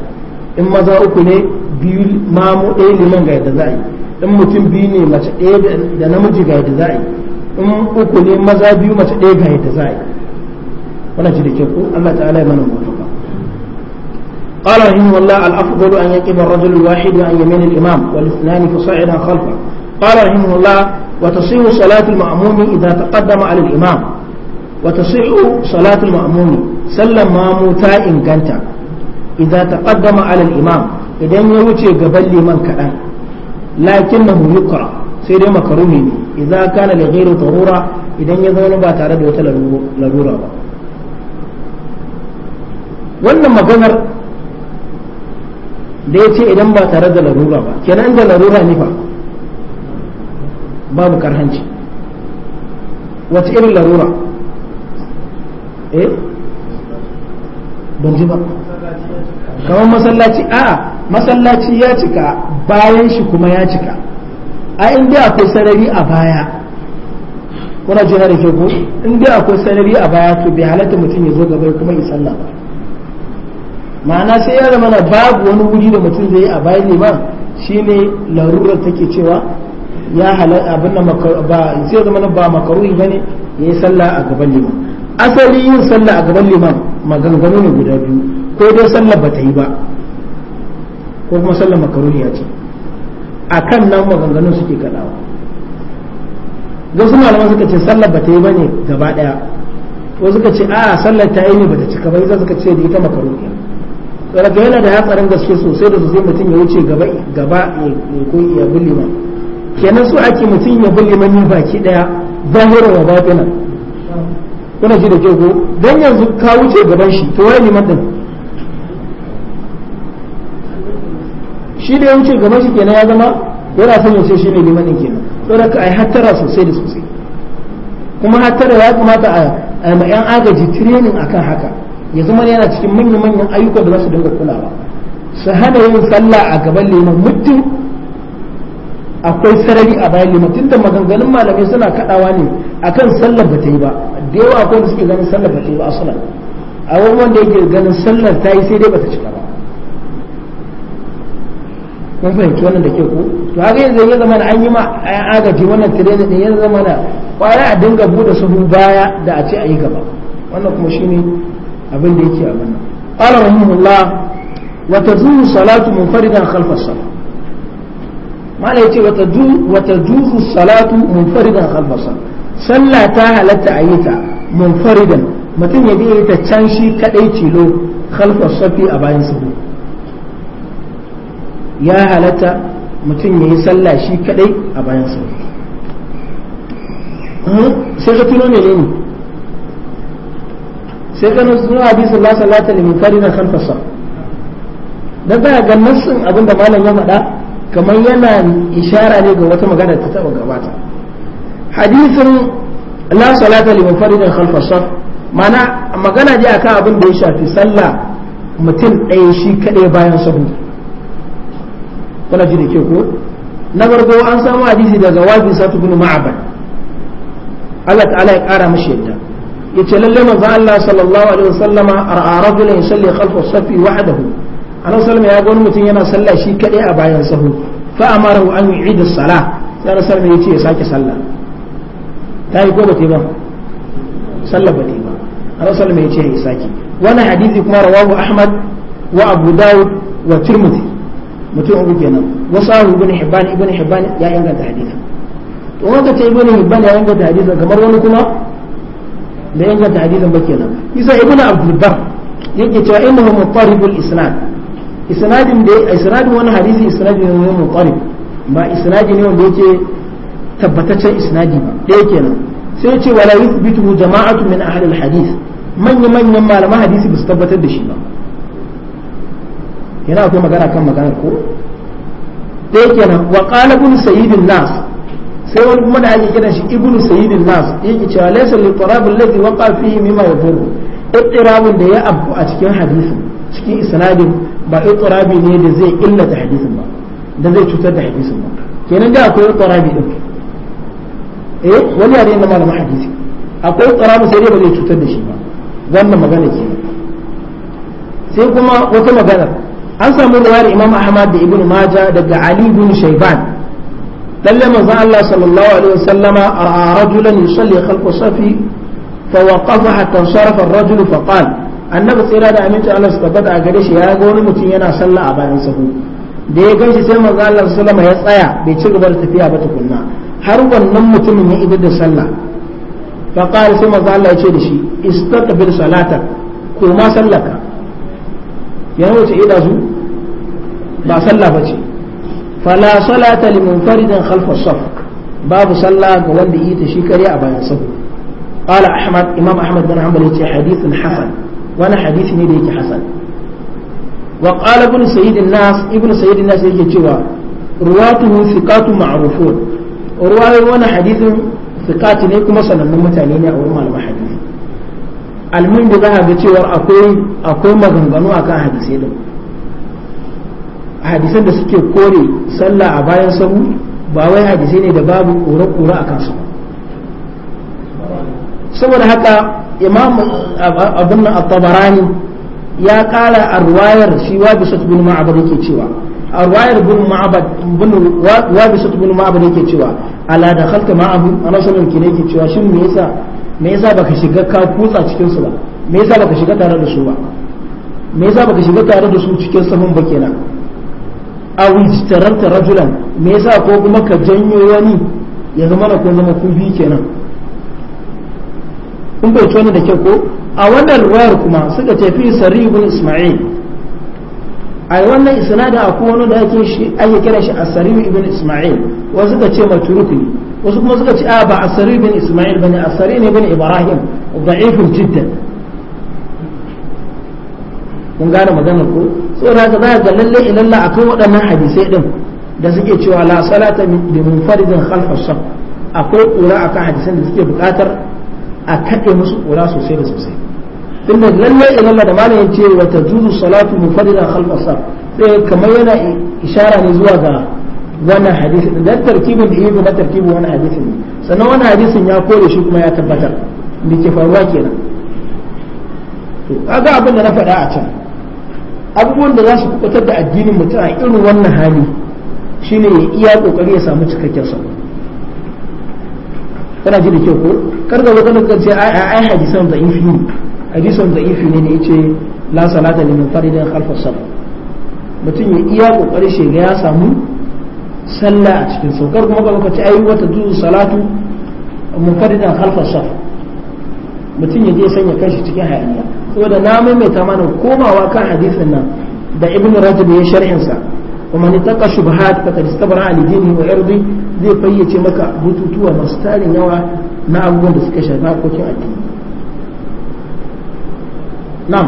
in maza uku ne biyu mamu ɗaya liman ga yadda za a yi in mutum biyu ne mace ɗaya da namiji ga yadda za yi in uku ne maza biyu mace ɗaya ga yadda za yi wannan ji da ke ko Allah ta'ala ya mana mutum قال رحمه الله الأفضل أن يقف الرجل الواحد عن يمين الإمام والاثنان فصاعدا خلفه قال رحمه الله وتصيح صلاة المأموم إذا تقدم على الإمام وتصيح صلاة المأموم سلم ماموتا إن كانت إذا تقدم على الإمام إذا يوتي قبل من كأن lakinnahu yukra sai dai makaruhi ne idan kana li ghairi darura idan ya zama ba tare da wata larura ba wannan maganar da ya ce idan ba tare da larura ba kenan da larura ne fa babu karhanci wata irin larura eh ban ji ba kamar masallaci a masallaci ya cika bayan shi kuma ya cika a inda akwai sarari a baya kuna ji da ke ko inda akwai sarari a baya to bai halatta mutum ya zo gaba kuma ya sallah ba ma'ana sai ya zama na babu wani wuri da mutum zai yi a bayan ba shine larurar take cewa ya halatta abin da ba sai zama ba makaruhi bane yi sallah a gaban liman asali yin sallah a gaban liman maganganu ne guda biyu ko dai sallar ba ta yi ba ko kuma sallar makaruniya ce a kan nan maganganun suke kaɗawa wasu malaman suka ce sallar ba ta yi ba ne gaba ɗaya wasu suka ce a sallar ta yi ne ba ta cika ba yanzu suka ce da ita makaruniya daga yana da hatsarin gaske sosai da sosai mutum ya wuce gaba gaba ya ko ya bulle ma kenan su ake mutum ya ma ni baki daya zahirar wa nan. kuna ji da ke ku don yanzu ka wuce gaban shi to wani liman din shi da ya wuce gaban shi kenan ya zama yana son ya ce shi ne limanin din kenan don haka ai hattara sosai da sosai kuma hattara ya kamata a ma yan agaji training akan haka ya zama yana cikin manyan manyan ayyukan da za su dinga kulawa su hana yin sallah a gaban liman mutum. akwai sarari a bayan liman tunda maganganun malamai suna kadawa ne akan sallar ba ta yi ba da yawa akwai da suke ganin sallar ba ta yi ba a sunan a wani wanda yake ganin sallar ta yi sai dai ba ta cika ba kun fahimci wannan da ke ko to haka yanzu ya zama an yi ma an agaji wannan tirenin din ya zama na kwaya a dinga bude sahu baya da a ce a yi gaba wannan kuma shine abin da yake abin nan qala rahimahullah wa tazuru salatu munfaridan khalfa salah mala ya ce du wata juzu salatu munfaridan khalfasa sallah ta halatta a yi ayyuka munfaridan mutum ya bi ta can shi kadai cilo khalfa safi a bayan sabo ya halatta mutum ya yi sallah shi kadai a bayan sabo hmm? sai ka tuno ne ne sai ka tuno hadisin la salata limin karinan khalfa safi dan ba ga nassin da malam ya faɗa kamar yana ishara ne ga wata magana ta taba gabata hadisin la salata li munfaridin khalfa saf mana magana ne akan abin da ya shafi sallah mutum ɗaya shi kaɗai bayan sahu kuna ji da ke ko na farko an samu hadisi daga wabi satu bin ma'aban Allah ta'ala ya ƙara mashi yadda yace lallai manzo Allah sallallahu alaihi wasallama ra'a rajulan yusalli khalfa safi wahdahu annabi sallallahu ya ga wani mutum yana sallah shi kaɗai a bayan sahu fa amara wa an yu'ida salah sai annabi sallallahu ya ce ya sake sallah ta yi ko ba ta ba sallah ba ta ba annabi sallallahu ya ce ya sake wannan hadisi kuma rawahu ahmad wa abu dawud wa tirmidhi mutum uku kenan wasu ahu ibn hibban ibn hibban ya inganta hadisin to wanda ta ibn hibban ya inganta hadisin kamar wani kuma da inganta hadisin ba kenan isa ibn abdul bar yake cewa innahu mutaribul islam isnadin da isnadin wani hadisi isnadi ne wani mutarib ba isnadi ne wanda yake tabbataccen isnadi ba ɗaya kenan sai ya ce wala yuthbitu jama'atu min ahli al-hadith manya manyan malaman hadisi ba su tabbatar da shi ba yana akwai magana kan magana ko ɗaya kenan wa qala ibn sayyidin nas sai wani kuma da ake kiran shi ibn sayyidin nas yake cewa laysa li qarab alladhi waqa fihi mimma yadurru ittirabun da ya abu a cikin hadisi cikin isnadin ba iqrabi ne da zai illata hadisin ba da zai cutar da hadisin ba kenan da akwai iqrabi din eh wani yare na malama hadisi akwai iqrabi sai dai ba zai cutar da shi ba wannan magana ce sai kuma wata magana an samu riwayar Imam Ahmad da ibnu Majah daga Ali bin Shayban dalla manzo Allah sallallahu alaihi wasallama ra'a rajulan yusalli khalfa safi fa waqafa hatta sharafa ar-rajul fa qala annabi tsira da aminci Allah su tabbata a gare shi ya ga wani mutum yana sallah a bayan sahu da ya ganshi sai manzo Allah sallama ya tsaya bai ci gaba da tafiya ba tukunna har wannan mutumin ya idar da sallah fa qala sai manzo Allah ya ce da shi istaqbil salata ko ma sallaka ya wuce ida su ba sallah bace fala salata limunfaridin khalfa saf babu sallah ga wanda yi ta shi kare a bayan sahu قال أحمد إمام أحمد بن حنبل حديث حسن wani hadisi ne da yake hasan wa qala ibn sayyid an-nas ibn sayyid nas yake cewa ruwatuhu thiqatu ma'rufun ruwayoyin wani hadisin thiqati ne kuma sanannun mutane ne a wurin malaman hadisi almin da za ga cewa akwai akwai maganganu akan hadisi din hadisan da suke kore sallah a bayan sahu ba wai hadisai ne da babu kura-kura a kansu saboda haka imam abun nan at-tabarani ya kala a ruwayar shi wabisat bin ma'abad yake cewa a ruwayar bin ma'abad bin bin yake cewa ala da khalka ma'abu ana sanin ki ne yake cewa shin me yasa me yasa baka shiga ka kutsa cikin su ba me yasa baka shiga tare da su ba me yasa baka shiga tare da su cikin saman ba kenan aw tarar rajulan me yasa ko kuma ka janyo wani ya zama na kun zama ku bi kenan kun bai tona da kyau ko a wannan wayar kuma suka tafi sarri ibn isma'il a wannan isnadin akwai wani da ake shi ake kira shi asari ibn isma'il wasu suka ce matruk ne wasu kuma suka ce a ba asari ibn isma'il bane asari ne bane ibrahim da'ifun jiddan mun gane magana ko saboda haka za ga lalle ilalla akan waɗannan hadisai din da suke cewa la salata li munfaridin khalfa shaf akwai kura akan hadisan da suke buƙatar a kaɗe musu ƙura sosai da sosai tun da lallai ilalla da malam ya ce wa tajuzu salatu mufarrida khalfa saf sai kamar yana ishara ne zuwa ga wannan hadisi da tarkibin da yake na tarkibin wannan hadisi ne sannan wannan hadisin ya kore shi kuma ya tabbatar me ke faruwa kenan to kaga abin da na faɗa a can abubuwan da za su kubutar da addinin mutum a irin wannan hali shine ya iya kokari ya samu cikakken sa kana ji da kyau ko kar ka zo ka ce ai hadisan da ifi ne hadisan da ifi ne da yace la salata liman faridin khalfa sabr mutum ya iya kokari shi ga ya samu sallah a cikin saukar kuma ka lokaci ai wata du salatu munfaridan khalfa saf mutum ya je sanya kanshi cikin hayaniya saboda na maimaita mana komawa kan hadisin nan da ibn rajab ya sharhinsa sa wa man taqa shubahat fa qad istabra al wa zai fayyace maka bututuwa masu tarin yawa na abubuwan da suka shafi harkokin addini nan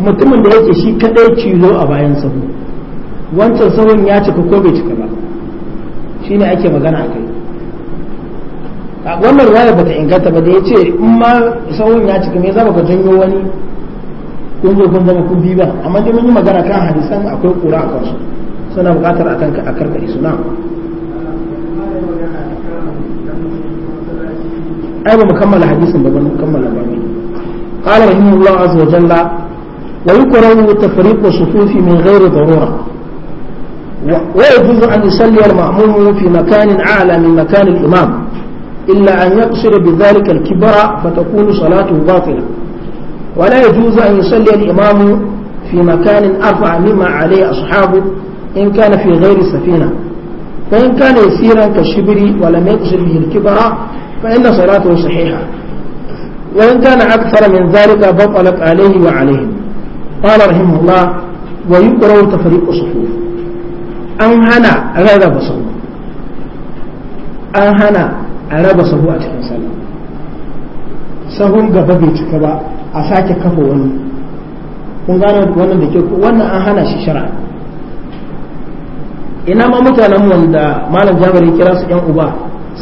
mutumin da yake shi kadai cizo a bayan sahu wancan sahun ya cika ko bai cika ba ne ake magana a kai wannan ruwaya bata inganta ba da ya ce in ma sauran ya cika me zaba ba janyo wani kun zo kun zama kun bi ba amma dai mun yi magana kan hadisan akwai kura a kansu suna buƙatar akan a karkare su na ai ba mu kammala hadisin ba ba mu kammala ba ne قال رحمه الله عز وجل ويكره تفريق الصفوف من غير ضرورة ويجوز أن يصلي المأموم في مكان أعلى من مكان الإمام إلا أن يقصر بذلك الكبر فتكون صلاته باطلة ولا يجوز أن يصلي الإمام في مكان أرفع مما عليه أصحابه إن كان في غير السفينة فإن كان يسيرا كالشبر ولم يقصر به الكبر فإن صلاته صحيحة وإن كان أكثر من ذلك بطلت عليه وعليهم قال رحمه الله ويكره تفريق الصفوف أن هنا هذا بصر أن هنا a raba sahu a cikin sallah sahun gaba bai cika ba a sake kafa wani kun gane wannan da ke wannan an hana shi shara ina ma mutanen wanda malam jabir ya kira su yan uba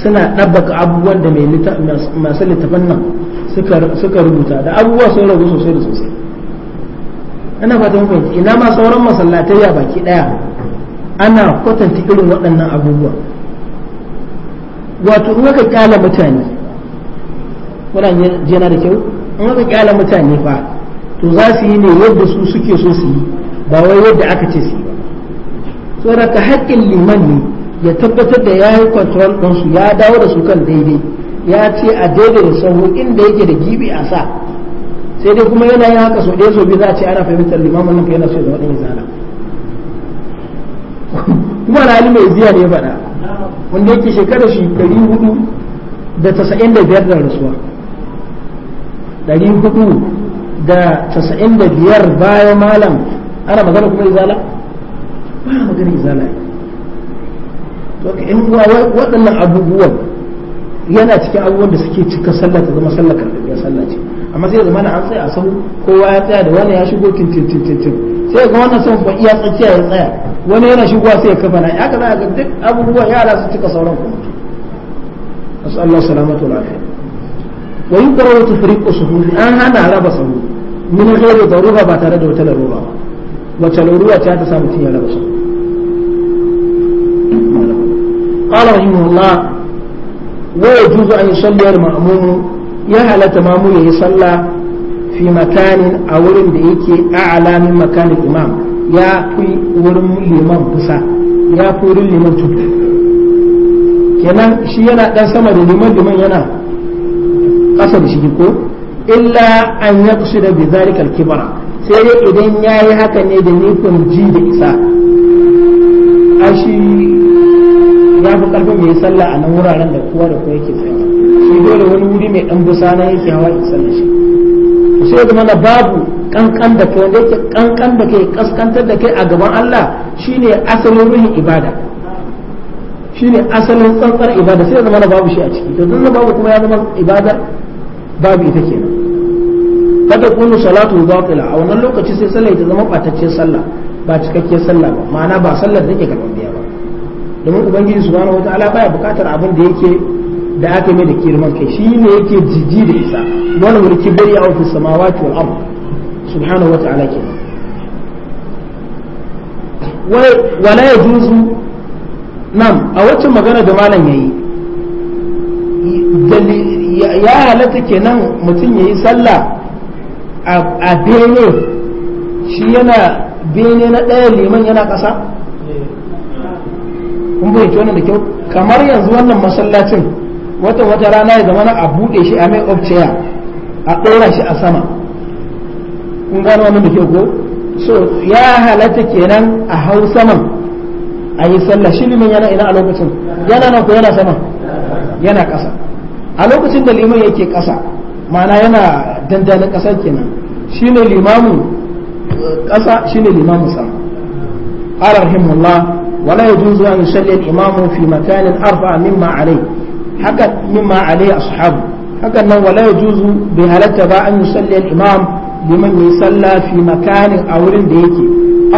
suna ɗabbaka abubuwan da masu littafan nan suka rubuta da abubuwa sun rabu sosai da sosai ina fata mu fahimci ina ma sauran masallatai ya baki ɗaya ana kwatanta irin waɗannan abubuwa wato in aka kyala mutane da kyau in aka kyala mutane fa to za su yi ne yadda su suke so su yi ba wai yadda aka ce su yi ba saboda haƙƙin liman ne ya tabbatar da ya yi kwantarol ɗinsu ya dawo da su kan daidai ya ce a daidai da sauro inda yake da gibi a sa sai dai kuma yana yin haka sau ɗaya sau biyu za a ce ana fahimtar liman wannan ka yana so ya zama ɗan zana kuma rali mai ziya ne faɗa wanda yake shekara shi ɗari hudu da tasa'in da biyar da rasuwa ɗari hudu da tasa'in da biyar bayan malam ana magana kuma izala ba a magana izala to ka in waɗannan abubuwan yana cikin abubuwan da suke cika sallah ta zama sallah karɓaɓɓiyar sallah ce amma sai da na an tsaya a sau kowa ya tsaya da wani ya shigo tintin tintin sai ga wannan sun ba iya tsakiya ya tsaya wani yana shigowa sai ya kafa na haka za ga duk abubuwan yara su cika sauran kuma asu Allah salamatu lafiya wa yi karawa su suhuli an hana raba sahu min ghairi daruba ba tare da wata larura ba wacce larura ce ta samu tinya raba sahu قال رحمه الله ويجوز أن يصلي المأموم يهل تمامه يصلى fi makanin a wurin da yake a'ala min makanin imam ya fi wurin liman kusa ya fi wurin liman tudu kenan shi yana dan sama da liman liman yana kasa da shi ko illa an ya kusa da bizalikal kibara sai dai idan ya yi haka ne da nufin ji da isa a shi ya fi ƙarfin mai sallah a nan wuraren da kowa da kowa yake tsaye sai dole wani wuri mai ɗan busa na yake hawa in sallah shi sai zama na babu kankan da ke wanda yake kankan da ke kaskantar da kai a gaban Allah shine asalin ruhin ibada shine asalin tsantsar ibada sai zama na babu shi a ciki to dan babu kuma ya zama ibada babu ita kenan kada kunu salatu batila a wannan lokaci sai sallah ta zama bataccen sallah ba cikakken sallah ba ma'ana ba sallar da take karban biya ba domin ubangiji subhanahu wataala baya bukatar abin da yake da aka yi da kirman kai shi ne yake jiji da isa wani mulki bari a ofis samawati wal ard subhanahu wa ta'ala ke wala ya juzu nan a wacce magana da malam yayi ya halatta kenan mutum ya yi sallah a bene shi yana bene na ɗaya liman yana ƙasa kun bai wannan da kyau kamar yanzu wannan masallacin wata wata rana ya zama a buɗe shi a mai ofciya a ɗora shi a sama kun gano wannan da ke ko so ya halatta kenan a hau saman a yi sallah shi liman yana ina a lokacin yana nan ko yana sama yana ƙasa a lokacin da liman yake ƙasa ma'ana yana dandanin ƙasar kenan shi ne limamu ƙasa shi ne limamu sama قال رحمه الله ولا يجوز أن يصلي الإمام في مكان أرفع مما عليه haka mimma alai ashabu haka nan wala yajuzu bai halatta ba an yusalli al-imam liman yi salla fi makanin a wurin da yake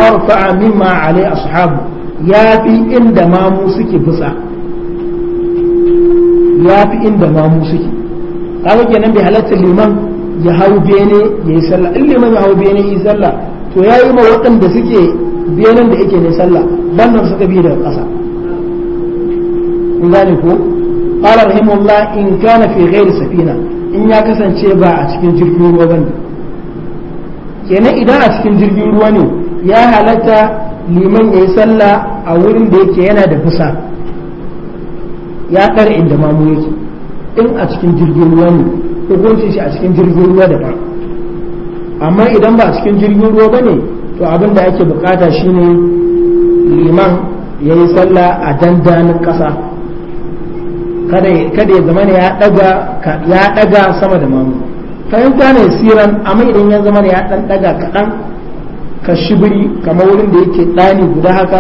arfa mimma alai ashabu fi inda mamu suke ya fi inda mamu suke kaga kenan bai halatta liman ya hau bene ya yi sallah in liman ya hau bene ya yi sallah to ya yi ma waɗanda suke bene da yake ne dan nan suka bi daga ƙasa in gane ko قال رحمه in إن كان في safina in ya kasance ba a cikin jirgin ruwa bane kenan idan a cikin jirgin ruwa ne ya halatta liman ya yi sallah a wurin da yake yana da fusa ya ɗar inda mamu yake a cikin jirgin ruwa amma idan ba a cikin jirgin ruwa ba ne to abin da ake bukata shine liman ya yi sallah a dandanin ƙasa kada ya zama ya ya daga sama da mamu fahimta ne siran amma idan ya zama ya dan daga kaɗan ka shibiri kamar wurin da yake ɗani guda haka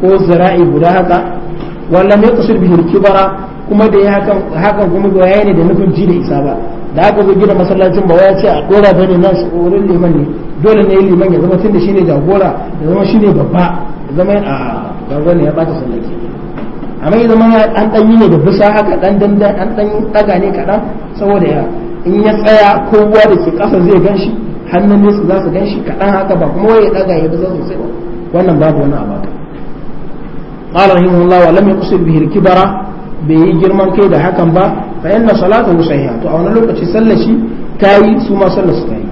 ko zira'i guda haka wallan ya kasir bihir kibara kuma da ya hakan kuma ba yayi ne da nufin ji da isa ba da aka zo gina masallacin ba ya ce a dora da nan shi wurin liman ne dole ne liman ya zama tunda shine jagora da zama shine babba ya zama a gaba ya bata sallaki amma idan zama an ɗan yi ne da busa haka ɗan dandan an ɗan ɗaga ne kaɗan saboda ya in ya tsaya kowa da ke ƙasa zai ganshi shi hannun za su ganshi kaɗan haka ba kuma wai ya ɗaga ya bisa sosai ba wannan babu wani abu haka قال رحمه الله ولم يقصد به bai yi girman kai da hakan ba fa yanna salatahu sahiha to a wani lokaci sallashi tayi su ma sallar tayi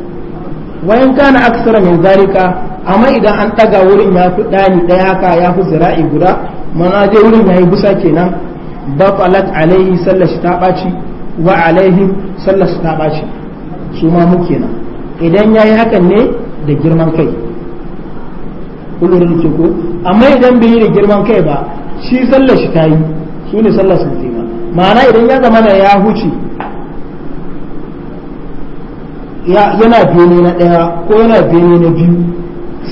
wayan kana aksara min zalika amma idan an daga wurin ya fi dani daya haka ya fi zira'i guda mana je wurin yayi busa kenan batalat alaihi sallar ta ɓaci wa alaihi sallar ta ɓaci su ma mu kenan idan yayi hakan ne da girman kai kullurin ke ko amma idan bai yi da girman kai ba shi sallashi ta yi su ne ta yi ba ma'ana idan ya zama ya huce yana bene na ɗaya ko yana bene na biyu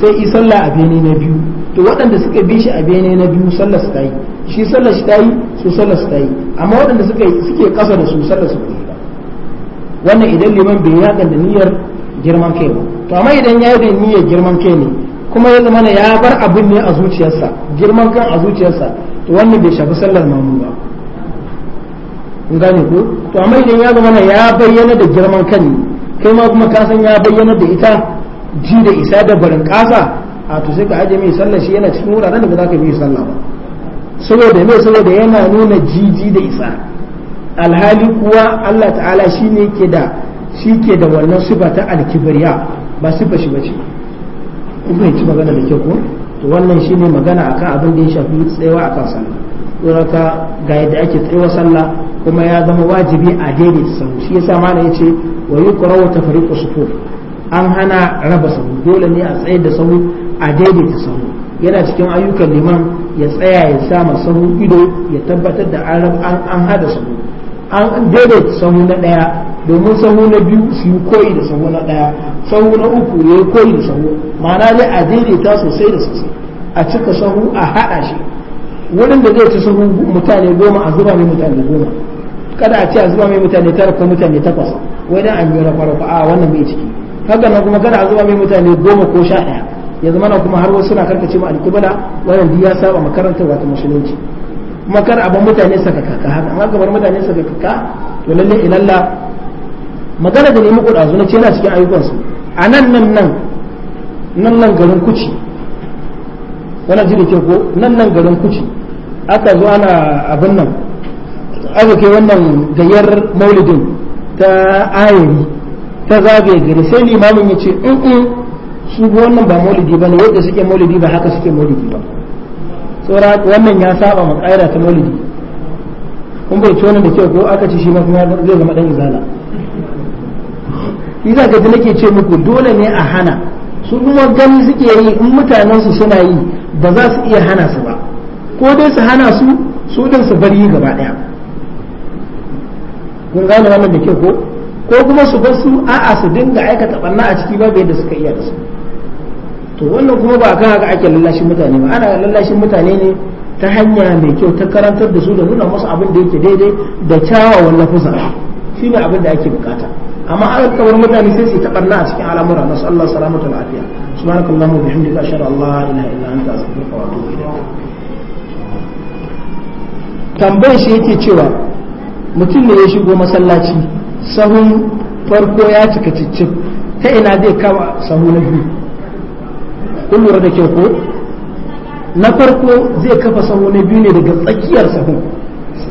sai isalla a bene na biyu to waɗanda suka bi shi a bene na biyu sallar su tayi shi sallar shi tayi su sallar su tayi amma waɗanda suka suke ƙasa da su sallar su ba wannan idan liman bai ya ganda niyyar girman kai ba to amma idan ya yi da niyyar girman kai ne kuma ya zama ya bar abin ne a zuciyarsa girman kan a zuciyarsa to wannan bai shafi sallar mamu ba kun gane ko to amma idan ya zama ya bayyana da girman kan kai ma kuma ka san ya bayyana da ita ji da isa da barin ƙasa a to sai ka haje mai sallah shi yana cikin wuraren da ba za ka bi sallah ba saboda me saboda yana nuna jiji da isa alhali kuwa Allah ta'ala shi ne ke da shi ke da wannan sifa ta alkibriya ba sifa shi bace ku fahimci magana da kyau ko to wannan shine magana akan abin da ya shafi tsayawa akan sallah tsoraka ga yadda ake tsayawa sallah kuma ya zama wajibi a daidaita sahu shi yasa mana yace wa yukrawu tafriqu sufuf an hana raba sahu dole ne a tsayar da sahu a daidaita sahu yana cikin ayyukan liman ya tsaya ya sa sahu ido ya tabbatar da an hada sahu an daidaita sahu na ɗaya domin sahu na biyu su yi koyi da sahu na ɗaya sahu na uku ya yi koyi da sahu ma'ana dai a daidaita sosai da sosai a cika sahu a haɗa shi wurin da zai ci sahu mutane goma a zuba mai mutane goma kada a ce a zuba mai mutane tara ko mutane takwas wai dan an yi rafa rafa a wannan bai ciki haka na kuma kada a zuba mai mutane goma ko sha daya ya zama na kuma har wasu suna karkace ma alkibla wannan duk ya saba makarantar wato musulunci kuma kar abin mutane saka kaka haka an ga bar mutane saka kaka to lalle ilalla magana da nemi kudazu na ce yana cikin ayyukansu a nan nan nan nan nan garin kuci wannan ji da ke ko nan nan garin kuci aka zo ana abin nan aka kai wannan gayyar maulidin ta ayari ta zagaye gari sai limamin ya ce in su ba wannan ba maulidi ba ne yadda suke maulidi ba haka suke maulidi ba tsora wannan ya saba ma kaira ta maulidi kun bai ci da kyau ko aka ci shi ma kuma zai zama dan izala iza ga nake ce muku dole ne a hana su kuma gani suke yi in mutanen su suna yi ba za su iya hana su ba ko dai su hana su su din su bari gaba daya kun gane wannan da kyau ko ko kuma su bar su a'a su dinga aikata banna a ciki babu yadda suka iya da su to wannan kuma ba ka ga ake lallashin mutane ba ana lallashin mutane ne ta hanya mai kyau ta karantar da su da nuna musu abin da yake daidai da kyawawan lafuza shi ne abin da ake bukata amma an kamar mutane sai su taɓarna a cikin al'amura masu Allah salamatu lafiya subhanakallahu wa bihamdika ashhadu an la ilaha illa anta astaghfiruka wa atubu ilayk tambayar shi yake cewa mutum ne ya shigo masallaci sahun farko ya cika cicci ta ina zai kama sahun na biyu kun lura da kyau ko na farko zai kafa sahu na biyu ne daga tsakiyar sahu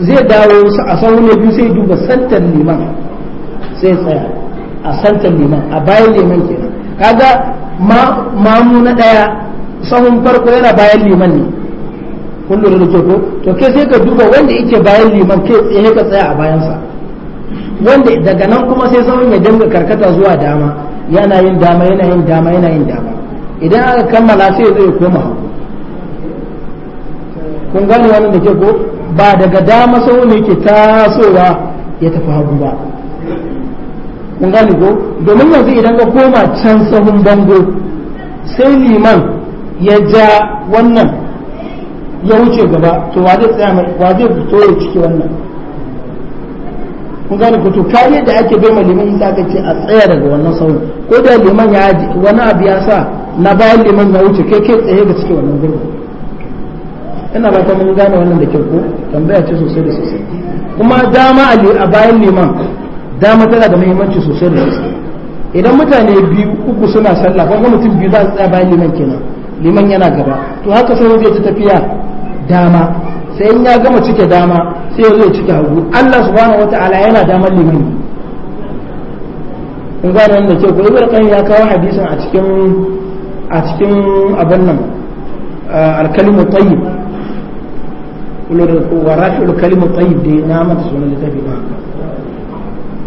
zai dawo a sahu na biyu sai duba santan liman sai tsaya a santan liman a bayan liman kenan kaga mamu na daya sahun farko yana bayan liman ne kun lura da kyau ko to kai sai ka duba wanda yake bayan liman kai tsaye ka tsaya a bayansa wanda daga nan kuma sai sahun ya dinga karkata zuwa dama yana yin dama yana yin dama yana yin dama idan aka kammala sai ya zo ya koma hagu kun gane wannan da ke ko ba daga dama sau ne ke tasowa ya tafi hagu ba kun gane ko domin yanzu idan ka koma can sahun bango sai liman ya ja wannan ya wuce gaba to wa zai tsaya wa zai fito ya ciki wannan kun gane ko to kariya da ake bai ma liman isa ka ce a tsaya daga wannan sahun ko da liman ya wani abu ya sa na bayan liman ya wuce kai kai tsaye ga cikin wannan gurbin ina ba ta mun gane wannan da kyau ko tambaya ce sosai da sosai kuma dama a bayan liman dama tana da muhimmanci sosai da sosai idan mutane biyu uku suna sallah kuma mutum biyu za su tsaya bayan liman kenan liman yana gaba to haka sai zai ta tafiya dama sai in ya gama cike dama sai ya zo ya cike hagu Allah subhanahu wataala yana daman liman in gane wannan da kyau ko ibn ya kawo hadisin a cikin a cikin abin nan alkalimu tayyib wa rafi alkalimu tayyib ya na da suna littafi ba haka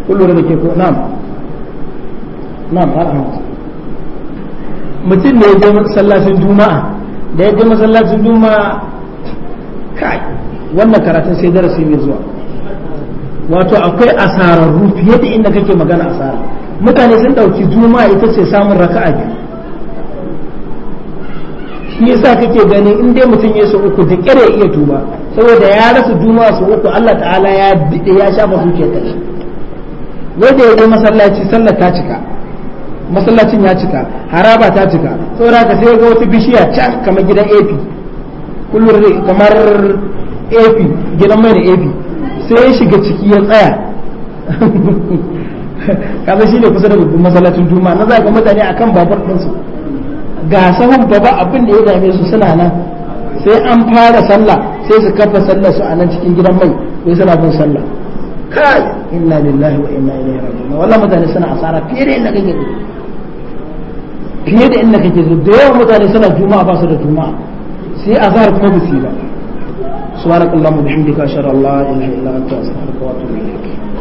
kullum da ke ko nam nam har an mutum ne ya je masallacin juma'a da ya je masallacin juma'a kai wannan karatun sai darasi mai zuwa wato akwai asararru fiye da inda kake magana asara mutane sun dauki juma'a ita ce samun raka'a biyu shi yasa kake gani in dai mutum ya so uku da kare iya tuba saboda ya rasa juma su uku Allah ta'ala ya bide ya shafa zuciyar ta shi wanda ya zo masallaci sallar ta cika masallacin ya cika haraba ta cika saboda ka sai ga wata bishiya can kamar gidan AP kullum kamar AP gidan mai da AP sai ya shiga ciki ya tsaya kaza shine kusa da babban masallacin juma'a na za ga mutane akan babur ɗinsu ga sahun gaba abin da ya dame su suna nan sai an fara sallah sai su kafa sallah su a nan cikin gidan mai wai suna bin sallah kai inna lillahi wa inna ilaihi raji'un wallahi mutane suna asara fiye da inda kake fiye da inda kake zo da yawan mutane suna juma'a ba su da juma'a sai azhar kuma musiba subhanakallahumma bihamdika ashhadu an la ilaha illa anta astaghfiruka wa atubu ilaik